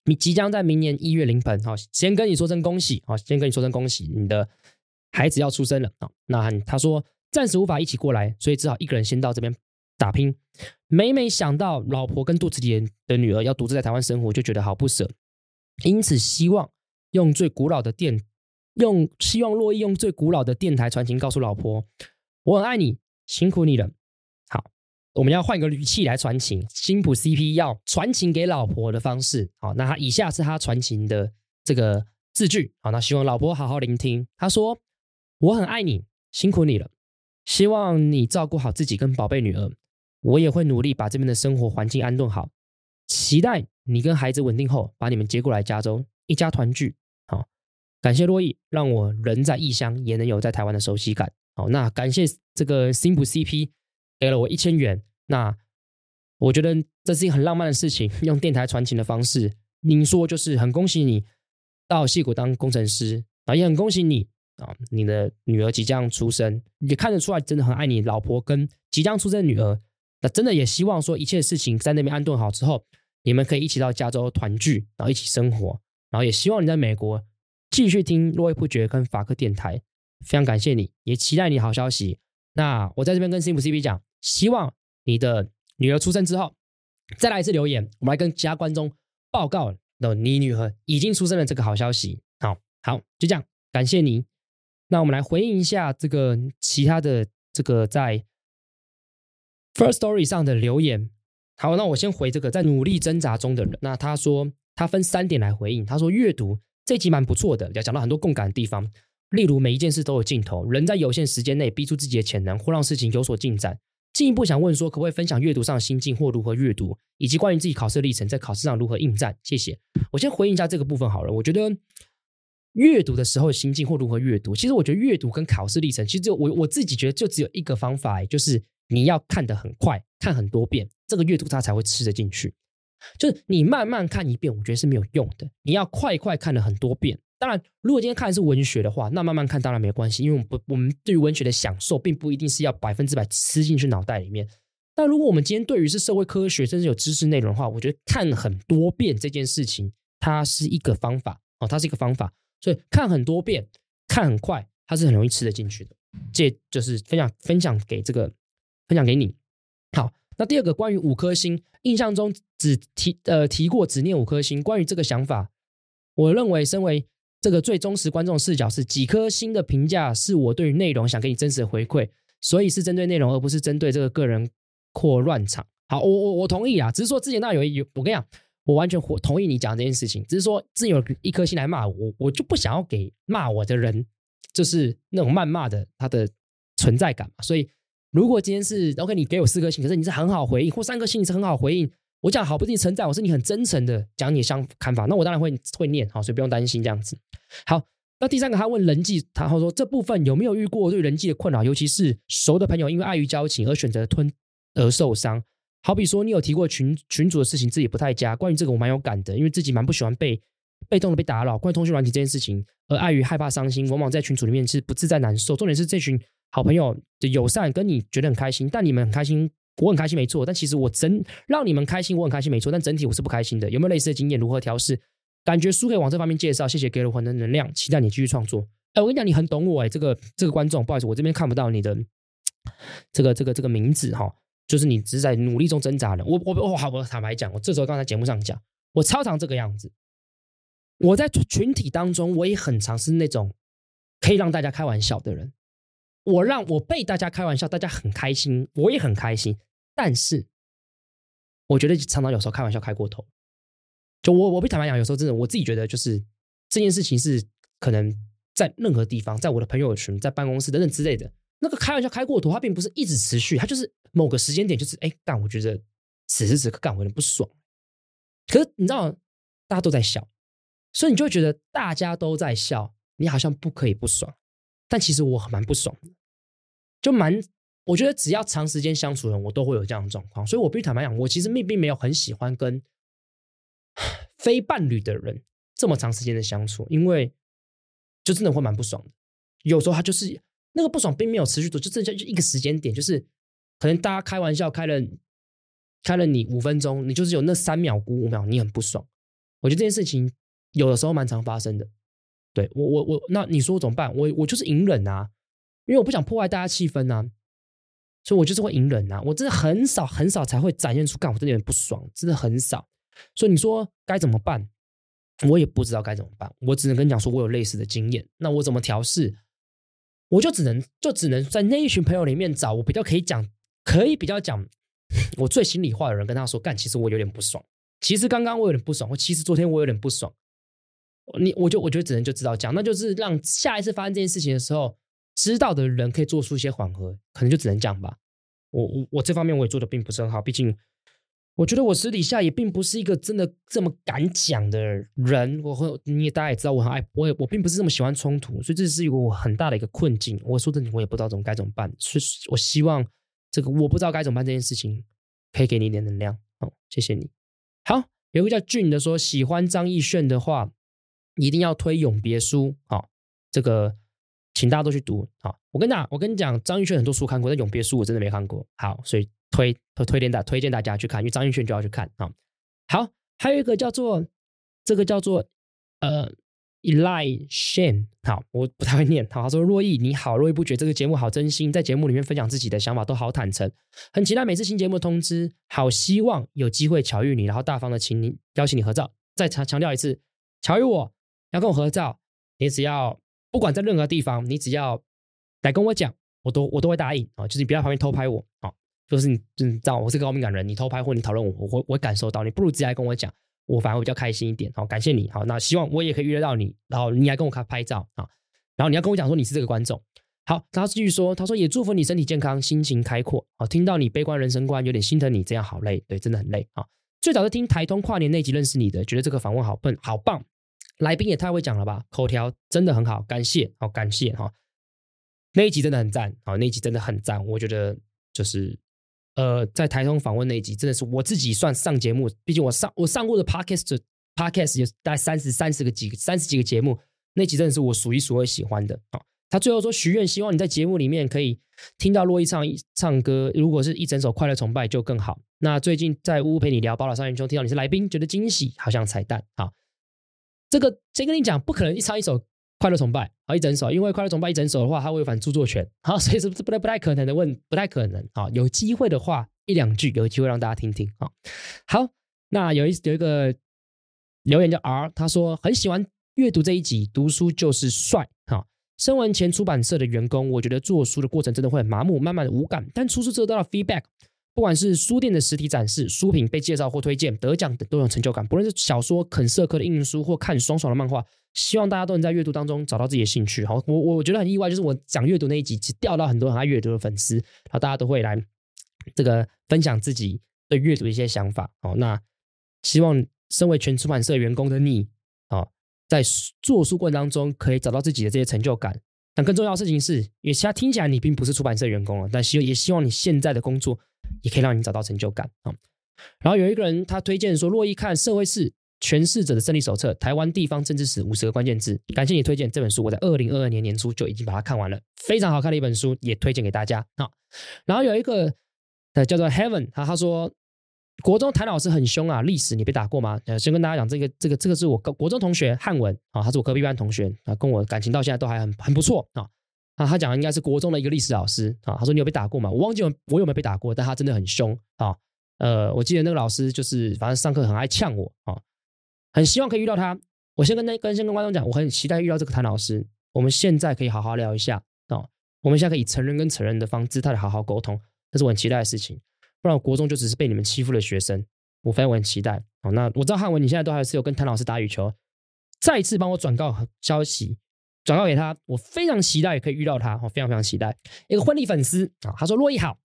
A: 你即將在明年一月臨盆，好、哦，先跟你說聲恭喜！好、哦，先跟你說聲恭喜，你的孩子要出生了啊、哦！那他說暫時無法一起過來，所以只好一個人先到這邊打拼。每每想到老婆跟肚子裡的女兒要獨自在台灣生活，就覺得好不捨。因此，希望用最古老的電。”用希望珞亦用最古老的電台傳情，告訴老婆：“我很愛你，辛苦你了。”好，我們要換一個語氣來傳情。新普 CP 要傳情給老婆的方式，好，那他以下是他傳情的這個字句，好，那希望老婆好好聆聽。他說：“我很愛你，辛苦你了。希望你照顧好自己跟寶貝女兒，我也會努力把這邊的生活環境安頓好。期待你跟孩子穩定後，把你們接過來加州，一家團聚。”感謝珞亦，讓我人在異鄉也能有在台灣的熟悉感。好，那感謝這個 Simple CP 給了我一千元，那我覺得這是一個很浪漫的事情，用電台傳情的方式。您說就是很恭喜你到矽谷當工程師啊，然後也很恭喜你啊、哦，你的女兒即將出生，也看得出來真的很愛你老婆跟即將出生的女兒。那真的也希望說一切的事情在那邊安頓好之後，你們可以一起到加州團聚，然後一起生活，然後也希望你在美國。繼續聽珞亦不絕跟法客電台，非常感謝你，也期待你好消息。那我在這邊跟新埔 CP 講，希望你的女兒出生之後再來一次留言，我們來跟其他觀眾報告了你女兒已經出生了這個好消息。好，好，就這樣，感謝你。那我們來回應一下這個其他的這個在 First Story 上的留言。好，那我先回這個在努力掙扎中的人。那他說他分三點來回應，他說閱讀。這集蠻不錯的，要講到很多共感的地方，例如每一件事都有盡頭，人在有限時間內逼出自己的潛能，或讓事情有所進展。進一步想問說，可不可以分享閱讀上的心境或如何閱讀，以及關於自己考試歷程，在考試上如何應戰？謝謝。我先回應一下這個部分好了。我覺得閱讀的時候的心境或如何閱讀，其實我覺得閱讀跟考試歷程，其實我我自己覺得就只有一個方法，就是你要看得很快，看很多遍，這個閱讀它才會吃得進去。就是你慢慢看一遍，我覺得是沒有用的。你要快快看了很多遍。當然，如果今天看的是文學的話，那慢慢看當然沒關係，因為我們不，我們對於文學的享受，並不一定是要百分之百吃進去腦袋裡面。但如果我們今天對於是社會科學，甚至有知識內容的話，我覺得看很多遍這件事情，它是一個方法哦，它是一個方法。所以看很多遍，看很快，它是很容易吃得進去的。這就是分享分享，給這個分享給你，好。那第二個關於五顆星，印象中只提，呃，提過只念五顆星。關於這個想法，我認為身為這個最忠實觀眾視角，是幾顆星的評價，是我對於內容想給你真實的回饋，所以是針對內容，而不是針對這個個人擴亂場。好，我我我同意啊，只是說之前那有一有，我跟你講，我完全同意你講這件事情，只是說只有一顆星來罵我，我，我就不想要給罵我的人就是那種謾罵的他的存在感嘛，所以。如果今天是 OK，你給我四顆星，可是你是很好回應，或三顆星你是很好回應。我講好不是你稱讚，我是你很真誠的講你的看法。那我當然會會念好，所以不用擔心這樣子。好，那第三個他問人際，他後說這部分有沒有遇過對人際的困擾，尤其是熟的朋友，因為礙於交情而選擇吞而受傷。好比說你有提過群群主的事情，自己不太加。關於這個我蠻有感的，因為自己蠻不喜歡被被動的被打擾。關於通訊軟體這件事情，而礙於害怕傷心，往往在群主裡面是不自在難受。重點是這群。好朋友的友善跟你覺得很開心，但你們很開心，我很開心，沒錯。但其實我真讓你們開心，我很開心，沒錯。但整體我是不開心的。有沒有類似的經驗？如何調試？感覺書可以往這方面介紹。謝謝給了我很多能量，期待你繼續創作。哎、欸，我跟你講，你很懂我、欸。哎，這個這個觀眾，不好意思，我這邊看不到你的這個這個這個名字哈、哦。就是你只是在努力中掙扎的。我我我好，我坦白講，我這時候剛才節目上講，我超常這個樣子。我在群體當中，我也很常是那種可以讓大家開玩笑的人。我讓我被大家開玩笑，大家很開心，我也很開心。但是，我覺得常常有時候開玩笑開過頭，就我我不坦白講，有時候真的我自己覺得，就是這件事情是可能在任何地方，在我的朋友圈，在辦公室等等之類的，那個開玩笑開過頭，它並不是一直持續，它就是某個時間點，就是哎、欸，但我覺得此時此刻幹我有點不爽。可是你知道大家都在笑，所以你就會覺得大家都在笑，你好像不可以不爽。但其實我很蠻不爽的。就蠻，我覺得只要長時間相處的人，我都會有這樣的狀況。所以我必須坦白講，我其實並並沒有很喜歡跟非伴侶的人這麼長時間的相處，因為就真的會蠻不爽的。有時候他就是那個不爽，並沒有持續多，就剩下一個時間點，就是可能大家開玩笑開了，開了你五分鐘，你就是有那三秒、估五秒，你很不爽。我覺得這件事情有的時候蠻常發生的。對我，我，我，那你說我怎麼辦？我，我就是隱忍啊。因為我不想破壞大家氣氛啊，所以我就是會隱忍啊。我真的很少很少才會展現出，幹我真的有點不爽，真的很少。所以你說該怎麼辦？我也不知道該怎麼辦。我只能跟你講，說我有類似的經驗。那我怎麼調適？我就只能就只能在那一群朋友裡面找我比較可以講，可以比較講 我最心裡話的人，跟他說幹。其實我有點不爽。其實剛剛我有點不爽。或其實昨天我有點不爽。你我就我覺得只能就知道講，那就是讓下一次發生這件事情的時候。知道的人可以做出一些緩和，可能就只能講吧。我我我這方面我也做的並不是很好，畢竟我覺得我私底下也並不是一個真的這麼敢講的人。我，我你也大家也知道，我很愛我也，我並不是這麼喜歡衝突，所以這是一個我很大的一個困境。我說的，我也不知道怎麼該怎麼辦。所以我希望這個我不知道該怎麼辦這件事情，可以給你一點能量。好、哦，謝謝你。好，有一個叫俊的說，喜歡張亦絢的話，一定要推《永別書》好、哦、這個。請大家都去讀，好，我跟你講，我跟你講，張亦絢很多書看過，但永別書我真的沒看過。好，所以推和推薦大推，推薦大家去看，因為張亦絢就要去看啊。好，還有一個叫做這個叫做呃，Eli Shen 好，我不太會念。好，他說若：若意你好，若意不覺得這個節目好，真心在節目裡面分享自己的想法都好坦誠，很期待每次新節目通知。好，希望有機會巧遇你，然後大方的請你邀請你合照。再強強調一次，巧遇我要跟我合照，你只要。不管在任何地方，你只要來跟我講，我都我都會答應啊、哦！就是你不要旁邊偷拍我啊、哦就是！就是你知道我是個高敏感人，你偷拍或你討論我，我會我會感受到你，不如直接來跟我講，我反而會比較開心一點。好、哦，感謝你，好，那希望我也可以遇到你，然後你來跟我拍拍照啊、哦，然後你要跟我講說你是這個觀眾。好，然後繼續說，他說也祝福你身體健康，心情開闊。好、哦，聽到你悲觀人生觀，有點心疼你，這樣好累，對，真的很累啊、哦。最早是聽台通跨年那集認識你的，覺得這個訪問好笨，好棒。來賓也太會講了吧，口條真的很好，感謝，好、哦、感謝哈、哦，那一集真的很讚，好、哦、那一集真的很讚，我覺得就是呃，在台中訪問那一集真的是我自己算上節目，畢竟我上我上過的 podcast, podcast podcast 就是大概三十三十個幾三十幾個節目，那集真的是我數一數二喜歡的、哦，他最後說許願希望你在節目裡面可以聽到珞亦唱一唱歌，如果是一整首快樂崇拜就更好。那最近在烏烏陪你聊包了三元兄，聽到你是來賓覺得驚喜，好像彩蛋，哦這個先跟你講，不可能一唱一首《快樂崇拜》啊，一整首，因為《快樂崇拜》一整首的話，它會違反著作權，好，所以是不太不太可能的。問不太可能啊，有機會的話一兩句，有機會讓大家聽聽啊。好，那有一有一個留言叫 R，他說很喜歡閱讀這一集，讀書就是帥啊。身為前出版社的員工，我覺得做書的過程真的會很麻木，慢慢的無感，但出書之後得到 feedback。不管是書店的實體展示、書品被介紹或推薦、得獎等都有成就感，不論是小說、啃社科的硬書或看爽爽的漫畫，希望大家都能在閱讀當中找到自己的興趣。好，我我覺得很意外，就是我講閱讀那一集，只釣到很多很愛閱讀的粉絲，然後大家都會來這個分享自己對閱讀一些想法。好，那希望身為全出版社員工的你，好，在做書過程當中可以找到自己的這些成就感。但更重要的事情是，也其他聽起來你並不是出版社員工了，但希也希望你現在的工作也可以讓你找到成就感啊、哦。然後有一個人他推薦說，珞亦看《社會史詮釋者的勝利手冊》《臺灣地方政治史五十個關鍵字》，感謝你推薦這本書，我在二零二二年年初就已經把它看完了，非常好看的一本書，也推薦給大家啊、哦。然後有一個呃叫做 Heaven 他他說。國中譚老師很凶啊！歷史你被打過嗎？先跟大家講，這個、這個、這個是我國國中同學漢文啊，他是我隔壁班同學啊，跟我感情到現在都還很很不錯啊。那、啊、他講的應該是國中的一個歷史老師啊，他說你有被打過嗎？我忘記我，我有沒有被打過，但他真的很凶啊。呃，我記得那個老師就是，反正上課很愛嗆我啊，很希望可以遇到他。我先跟那跟先跟觀眾講，我很期待遇到這個譚老師，我們現在可以好好聊一下啊。我們現在可以以成人跟成人的方式，他好好溝通，這是我很期待的事情。不然，國中就只是被你們欺負的學生。我非常、我很期待。好，那我知道漢文你現在都還是有跟譚老師打羽球，再一次幫我轉告消息，轉告給他。我非常期待也可以遇到他，我非常非常期待。一個婚禮粉絲啊，他說：“珞亦好，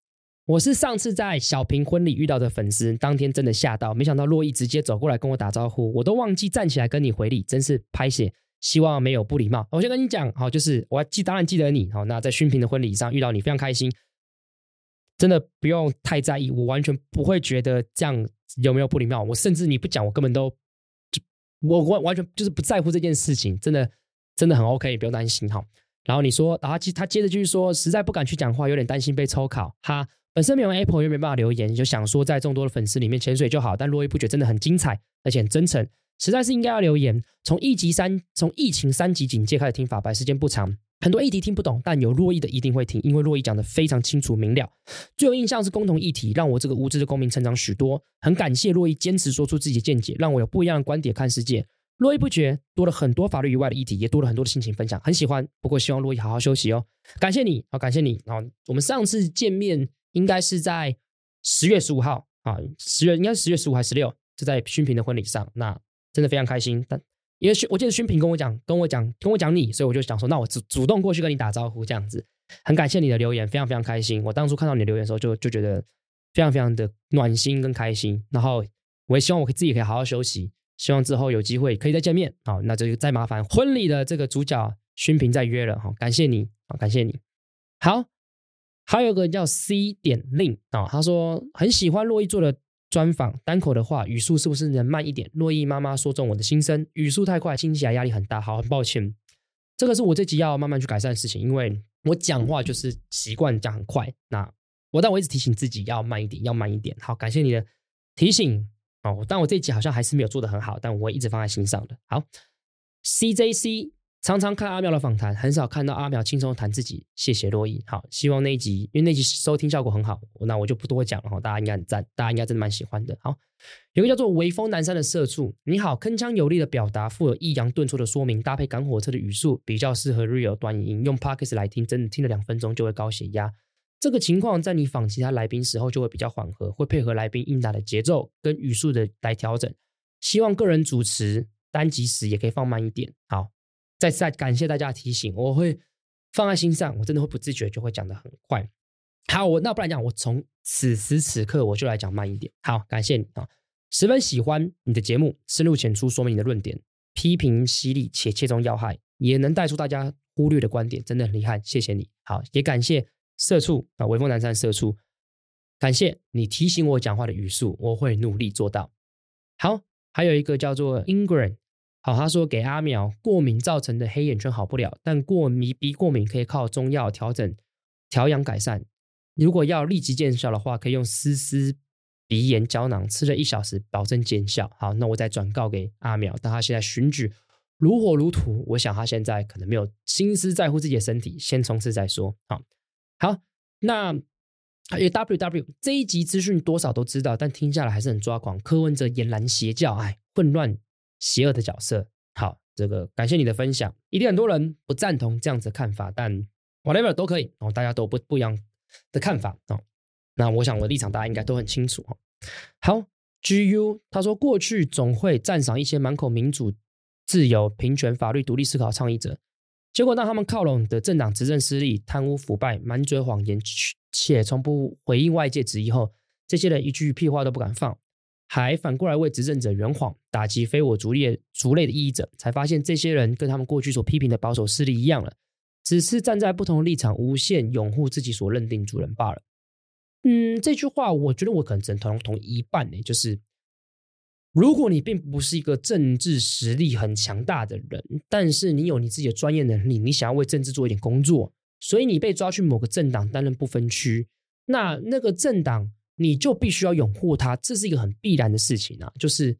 A: 我是上次在小平婚禮遇到的粉絲，當天真的嚇到，沒想到珞亦直接走過來跟我打招呼，我都忘記站起來跟你回禮，真是拍寫。希望沒有不禮貌。我先跟你講，好，就是我還記，當然記得你。好，那在勳平的婚禮上遇到你，非常開心。”真的不用太在意，我完全不會覺得這樣有沒有不禮貌。我甚至你不講，我根本都，就我我完全就是不在乎這件事情，真的真的很 OK，也不用擔心哈。然後你說，然後他接，他接着就是說，實在不敢去講話，有點擔心被抽考。哈，本身沒有 Apple 又沒辦法留言，就想說在眾多的粉絲裡面潛水就好。但絡繹不絕，真的很精彩，而且很真誠，實在是應該要留言。從一級三，從疫情三級警戒開始聽法白，時間不長。很多議題聽不懂，但有珞亦的一定會聽，因為珞亦講得非常清楚明了。最有印象是共同議題，讓我這個無知的公民成長許多，很感謝珞亦堅持說出自己的見解，讓我有不一樣的觀點看世界。珞亦不絕，多了很多法律以外的議題，也多了很多的心情分享，很喜歡。不過希望珞亦好好休息哦。感謝你，好感謝你啊！我們上次見面應該是在十月十五號啊，十月應該是十月十五還十六，就在勳平的婚禮上，那真的非常開心。但因為我記得薰平跟我講，跟我講，跟我講你，所以我就想說，那我主主動過去跟你打招呼這樣子。很感謝你的留言，非常非常開心。我當初看到你的留言的時候就，就就覺得非常非常的暖心跟開心。然後我也希望我自己可以好好休息，希望之後有機會可以再見面啊。那就再麻煩婚禮的這個主角薰平再約了哈、哦，感謝你啊、哦，感謝你。好，還有一個叫 C 點令啊，他說很喜歡珞亦做的。專訪單口的話，語速是不是能慢一點？珞亦媽媽說中我的心聲，語速太快，聽起來壓力很大。好，很抱歉，這個是我這集要慢慢去改善的事情，因為我講話就是習慣講很快。那我，但我一直提醒自己要慢一點，要慢一點。好，感謝你的提醒。哦，但我這集好像還是沒有做得很好，但我會一直放在心上的。好，CJC。CJ 常常看阿苗的訪談，很少看到阿苗輕鬆談自己。謝謝珞亦。好，希望那一集，因為那集收聽效果很好，那我就不多講了。哈，大家應該很讚，大家應該真的蠻喜歡的。好，有個叫做微風南山的社畜，你好，鏗鏘有力的表達，富有抑揚頓挫的說明，搭配趕火車的語速，比較適合 real 短影音，用 Podcast 來聽。真的聽了兩分鐘就會高血壓。這個情況在你訪其他來賓時候就會比較緩和，會配合來賓應答的節奏跟語速的來調整。希望個人主持單集時也可以放慢一點。好。再次感謝大家提醒，我會放在心上，我真的會不自覺就會講得很快。好，我那不然講，我從此時此刻我就來講慢一點。好，感謝你啊，十分喜歡你的節目，深入淺出說明你的論點，批評犀利且切中要害，也能帶出大家忽略的觀點，真的很厲害，謝謝你。好，也感謝社畜啊，微風南山社畜，感謝你提醒我講話的語速，我會努力做到。好，還有一個叫做 English 好，他說給阿苗過敏造成的黑眼圈好不了，但過敏鼻過敏可以靠中藥調整、調養改善。如果要立即見效的話，可以用絲絲鼻炎膠囊，吃了一小時，保證見效。好，那我再轉告給阿苗，但他現在選舉如火如荼，我想他現在可能沒有心思在乎自己的身體，先衝刺再說。好，好，那 W W 這一集資訊多少都知道，但聽下來還是很抓狂。柯文哲儼然邪教，哎，混亂。邪惡的角色，好，這個感謝你的分享，一定很多人不贊同這樣子的看法，但 whatever 都可以哦，大家都不不一樣的看法哦。那我想我的立場大家應該都很清楚哈、哦。好，GU 他說，過去總會讚賞一些滿口民主、自由、平權、法律、獨立思考的倡議者，結果當他們靠攏的政黨執政失利貪汙腐敗、滿嘴謊言，且從不回應外界質疑後，這些人一句屁話都不敢放。還反過來為執政者圓謊，打擊非我族類族類的異議者，才發現這些人跟他們過去所批評的保守勢力一樣了，只是站在不同的立場，無限擁護自己所認定主人罷了。嗯，這句話我覺得我可能只能同同一半呢、欸，就是如果你並不是一個政治實力很強大的人，但是你有你自己的專業能力，你想要為政治做一點工作，所以你被抓去某個政黨擔任不分區，那那個政黨。你就必須要擁護他，這是一個很必然的事情啊！就是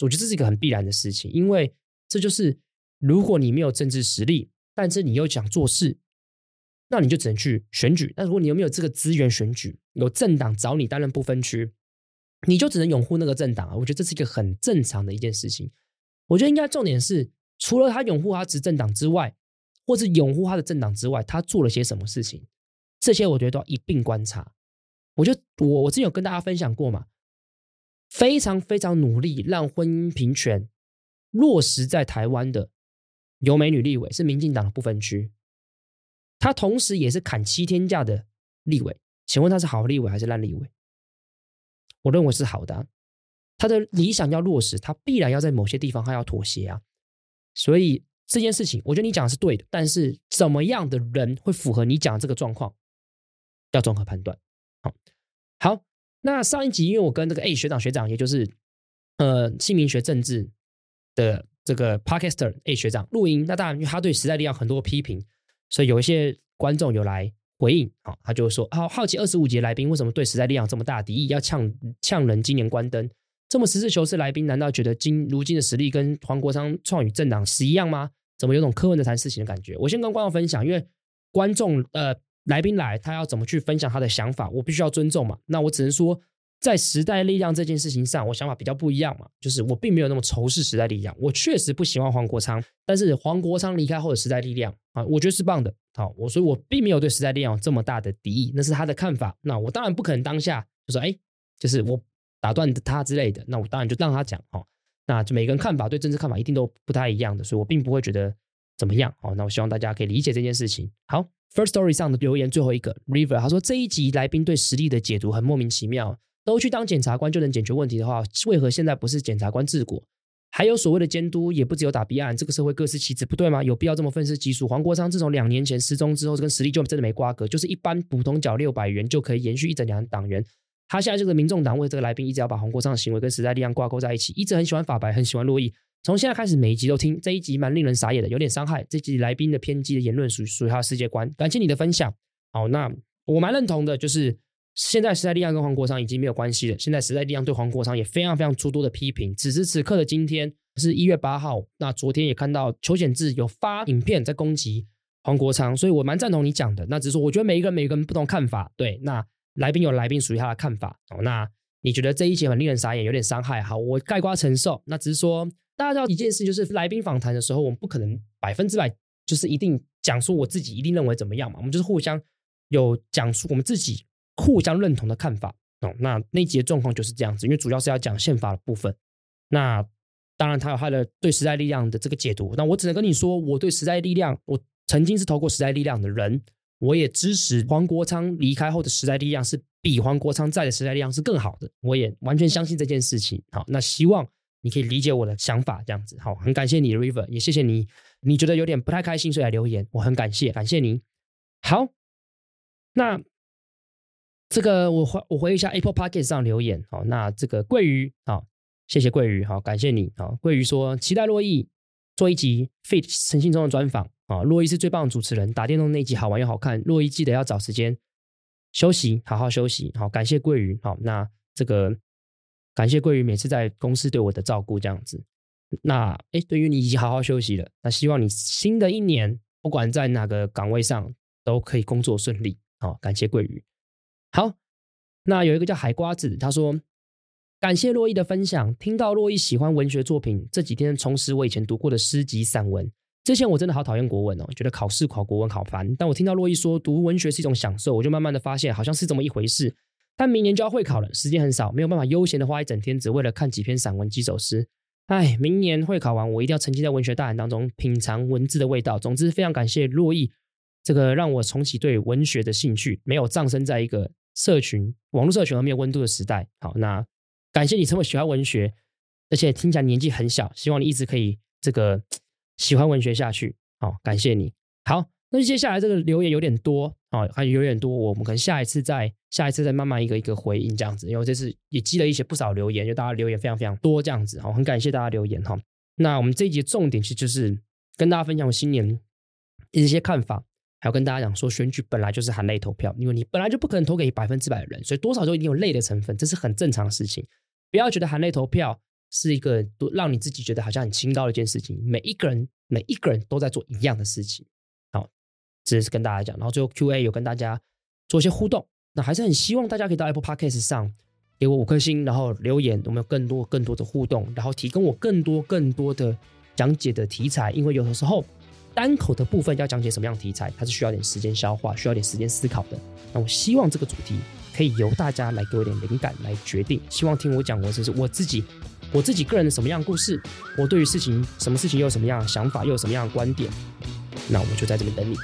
A: 我覺得這是一個很必然的事情，因為這就是如果你沒有政治實力，但是你又想做事，那你就只能去選舉。那如果你又沒有這個資源選舉，有政黨找你擔任不分區，你就只能擁護那個政黨啊！我覺得這是一個很正常的一件事情。我覺得應該重點是，除了他擁護他執政黨之外，或是擁護他的政黨之外，他做了些什麼事情，這些我覺得都要一併觀察。我就我我之前有跟大家分享過嘛，非常非常努力讓婚姻平權落實在台灣的，有美女立委是民進黨的不分區，他同時也是砍七天假的立委，請問他是好立委還是爛立委？我認為是好的，啊，她的理想要落實，她必然要在某些地方還要妥協啊。所以這件事情，我覺得你講的是對的，但是怎麼樣的人會符合你講的這個狀況，要綜合判斷。好好，那上一集因為我跟這個 A 學長學長，也就是呃，姓名學政治的這個 Podcaster A、欸、學長錄音，那當然他對時代力量很多批評，所以有一些觀眾有來回應，啊、哦，他就會說好、啊、好奇二十五集來賓為什麼對時代力量這麼大敵意，要嗆嗆人，今年關燈，這麼實事求是，來賓難道覺得今如今的實力跟黃國昌創語政黨是一樣嗎？怎麼有種柯文哲談事情的感覺？我先跟觀眾分享，因為觀眾呃。來賓來，他要怎麼去分享他的想法？我必須要尊重嘛。那我只能說，在時代力量這件事情上，我想法比較不一樣嘛，就是我並沒有那麼仇視時代力量。我確實不喜歡黃國昌，但是黃國昌離開後的時代力量啊，我覺得是棒的。好，我所以，我並沒有對時代力量有這麼大的敵意。那是他的看法。那我當然不可能當下就說，哎，就是我打斷他之類的。那我當然就讓他講哦。那就每個人看法對政治看法一定都不太一樣的，所以我並不會覺得怎麼樣哦。那我希望大家可以理解這件事情。好。Firstory 上的留言最後一個 River，他說這一集來賓對實力的解讀很莫名其妙。都去當檢察官就能解決問題的話，為何現在不是檢察官治國？還有所謂的監督也不只有打弊案，這個社會各司其職，不對嗎？有必要這麼憤世嫉俗？黃國昌自從兩年前失蹤之後，這跟實力就真的沒瓜葛，就是一般普通繳六百元就可以延續一整年黨員。他現在就是民眾黨為這個來賓一直要把黃國昌的行為跟時代力量掛鈎在一起，一直很喜歡法白，很喜歡珞亦。從現在開始，每一集都聽這一集，蠻令人傻眼的，有點傷害。這集來賓的偏激的言論屬於，屬於他的世界觀。感謝你的分享。好，那我蠻認同的，就是現在時代力量跟黃國昌已經沒有關係了。現在時代力量對黃國昌也非常非常諸多的批評。此時此刻的今天是一月八號，那昨天也看到邱顯智有發影片在攻擊黃國昌，所以我蠻贊同你講的。那只是說，我覺得每一個人每一個人不同看法。對，那來賓有來賓屬於他的看法。哦，那你覺得這一集很令人傻眼，有點傷害。好，我概括承受。那只是說。大家知道一件事，就是來賓訪談的時候，我們不可能百分之百就是一定講述我自己一定認為怎麼樣嘛。我們就是互相有講述我們自己互相認同的看法哦。那那一集的狀況就是這樣子，因為主要是要講憲法的部分。那當然，他有他的對時代力量的這個解讀。那我只能跟你說，我對時代力量，我曾經是投過時代力量的人，我也支持黃國昌離開後的時代力量是比黃國昌在的時代力量是更好的。我也完全相信這件事情。好，那希望，你可以理解我的想法，這樣子。好，很感謝你，River，也謝謝你，你覺得有點不太開心，所以來留言，我很感謝，感謝您。好，那這個我回我回一下 Apple Podcast 上留言，好，那這個桂魚，好，謝謝桂魚，好，感謝你，好，桂魚說期待珞亦做一集 fit 陳信忠的專訪，啊，珞亦是最棒的主持人，打電動那集好玩又好看，珞亦記得要找時間休息，好好休息，好，感謝桂魚，好，那這個。感謝桂魚每次在公司對我的照顧，這樣子。那哎、欸，對於你已經好好休息了，那希望你新的一年不管在哪個崗位上都可以工作順利。好、哦，感謝桂魚。好，那有一個叫海瓜子，他說感謝珞亦的分享，聽到珞亦喜歡文學作品，這幾天重拾我以前讀過的詩集散文。之前我真的好討厭國文哦，覺得考試考國文好煩。但我聽到珞亦說讀文學是一種享受，我就慢慢的發現好像是這麼一回事。但明年就要會考了，時間很少，沒有辦法悠閒的花一整天，只為了看幾篇散文、幾首詩。唉，明年會考完，我一定要沉浸在文學大海當中，品嚐文字的味道。總之，非常感謝珞亦，這個讓我重啟對文學的興趣，沒有葬身在一個社群、網絡社群和沒有溫度的時代。好，那感謝你這麼喜歡文學，而且聽起來年紀很小，希望你一直可以這個喜歡文學下去。好，感謝你。好，那接下來這個留言有點多。哦，還有點多，我們可能下一次再下一次再慢慢一個一個回應這樣子，因為這次也積了一些不少留言，就大家留言非常非常多這樣子，哦，很感謝大家留言哈、哦。那我們這一集重點其實就是跟大家分享新年的一些看法，還有跟大家講說選舉本來就是含淚投票，因為你本來就不可能投給百分之百的人，所以多少都一定有淚的成分，這是很正常的事情。不要覺得含淚投票是一個都讓你自己覺得好像很清高的一件事情，每一個人每一個人都在做一樣的事情。只是跟大家講，然後最後 Q A 有跟大家做一些互動，那還是很希望大家可以到 Apple Podcast 上給我五顆星，然後留言，有沒有更多更多的互動，然後提供我更多更多的講解的題材，因為有的時候單口的部分要講解什麼樣的題材，它是需要點時間消化，需要點時間思考的。那我希望這個主題可以由大家來給我點靈感來決定，希望聽我講我就是我自己，我自己個人的什麼樣故事，我對於事情什麼事情又有什麼樣想法，又有什麼樣，的想法又有什麼樣的觀點。那我們就在這邊等你，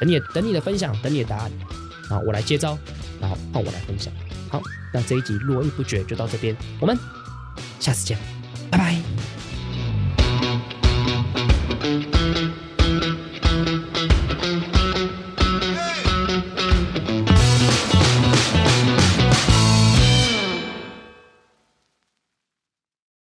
A: 等你的，等你的分享，等你的答案，好，我來接招，然後換我來分享，好，那這一集絡繹不絕就到這邊，我們下次見，拜拜。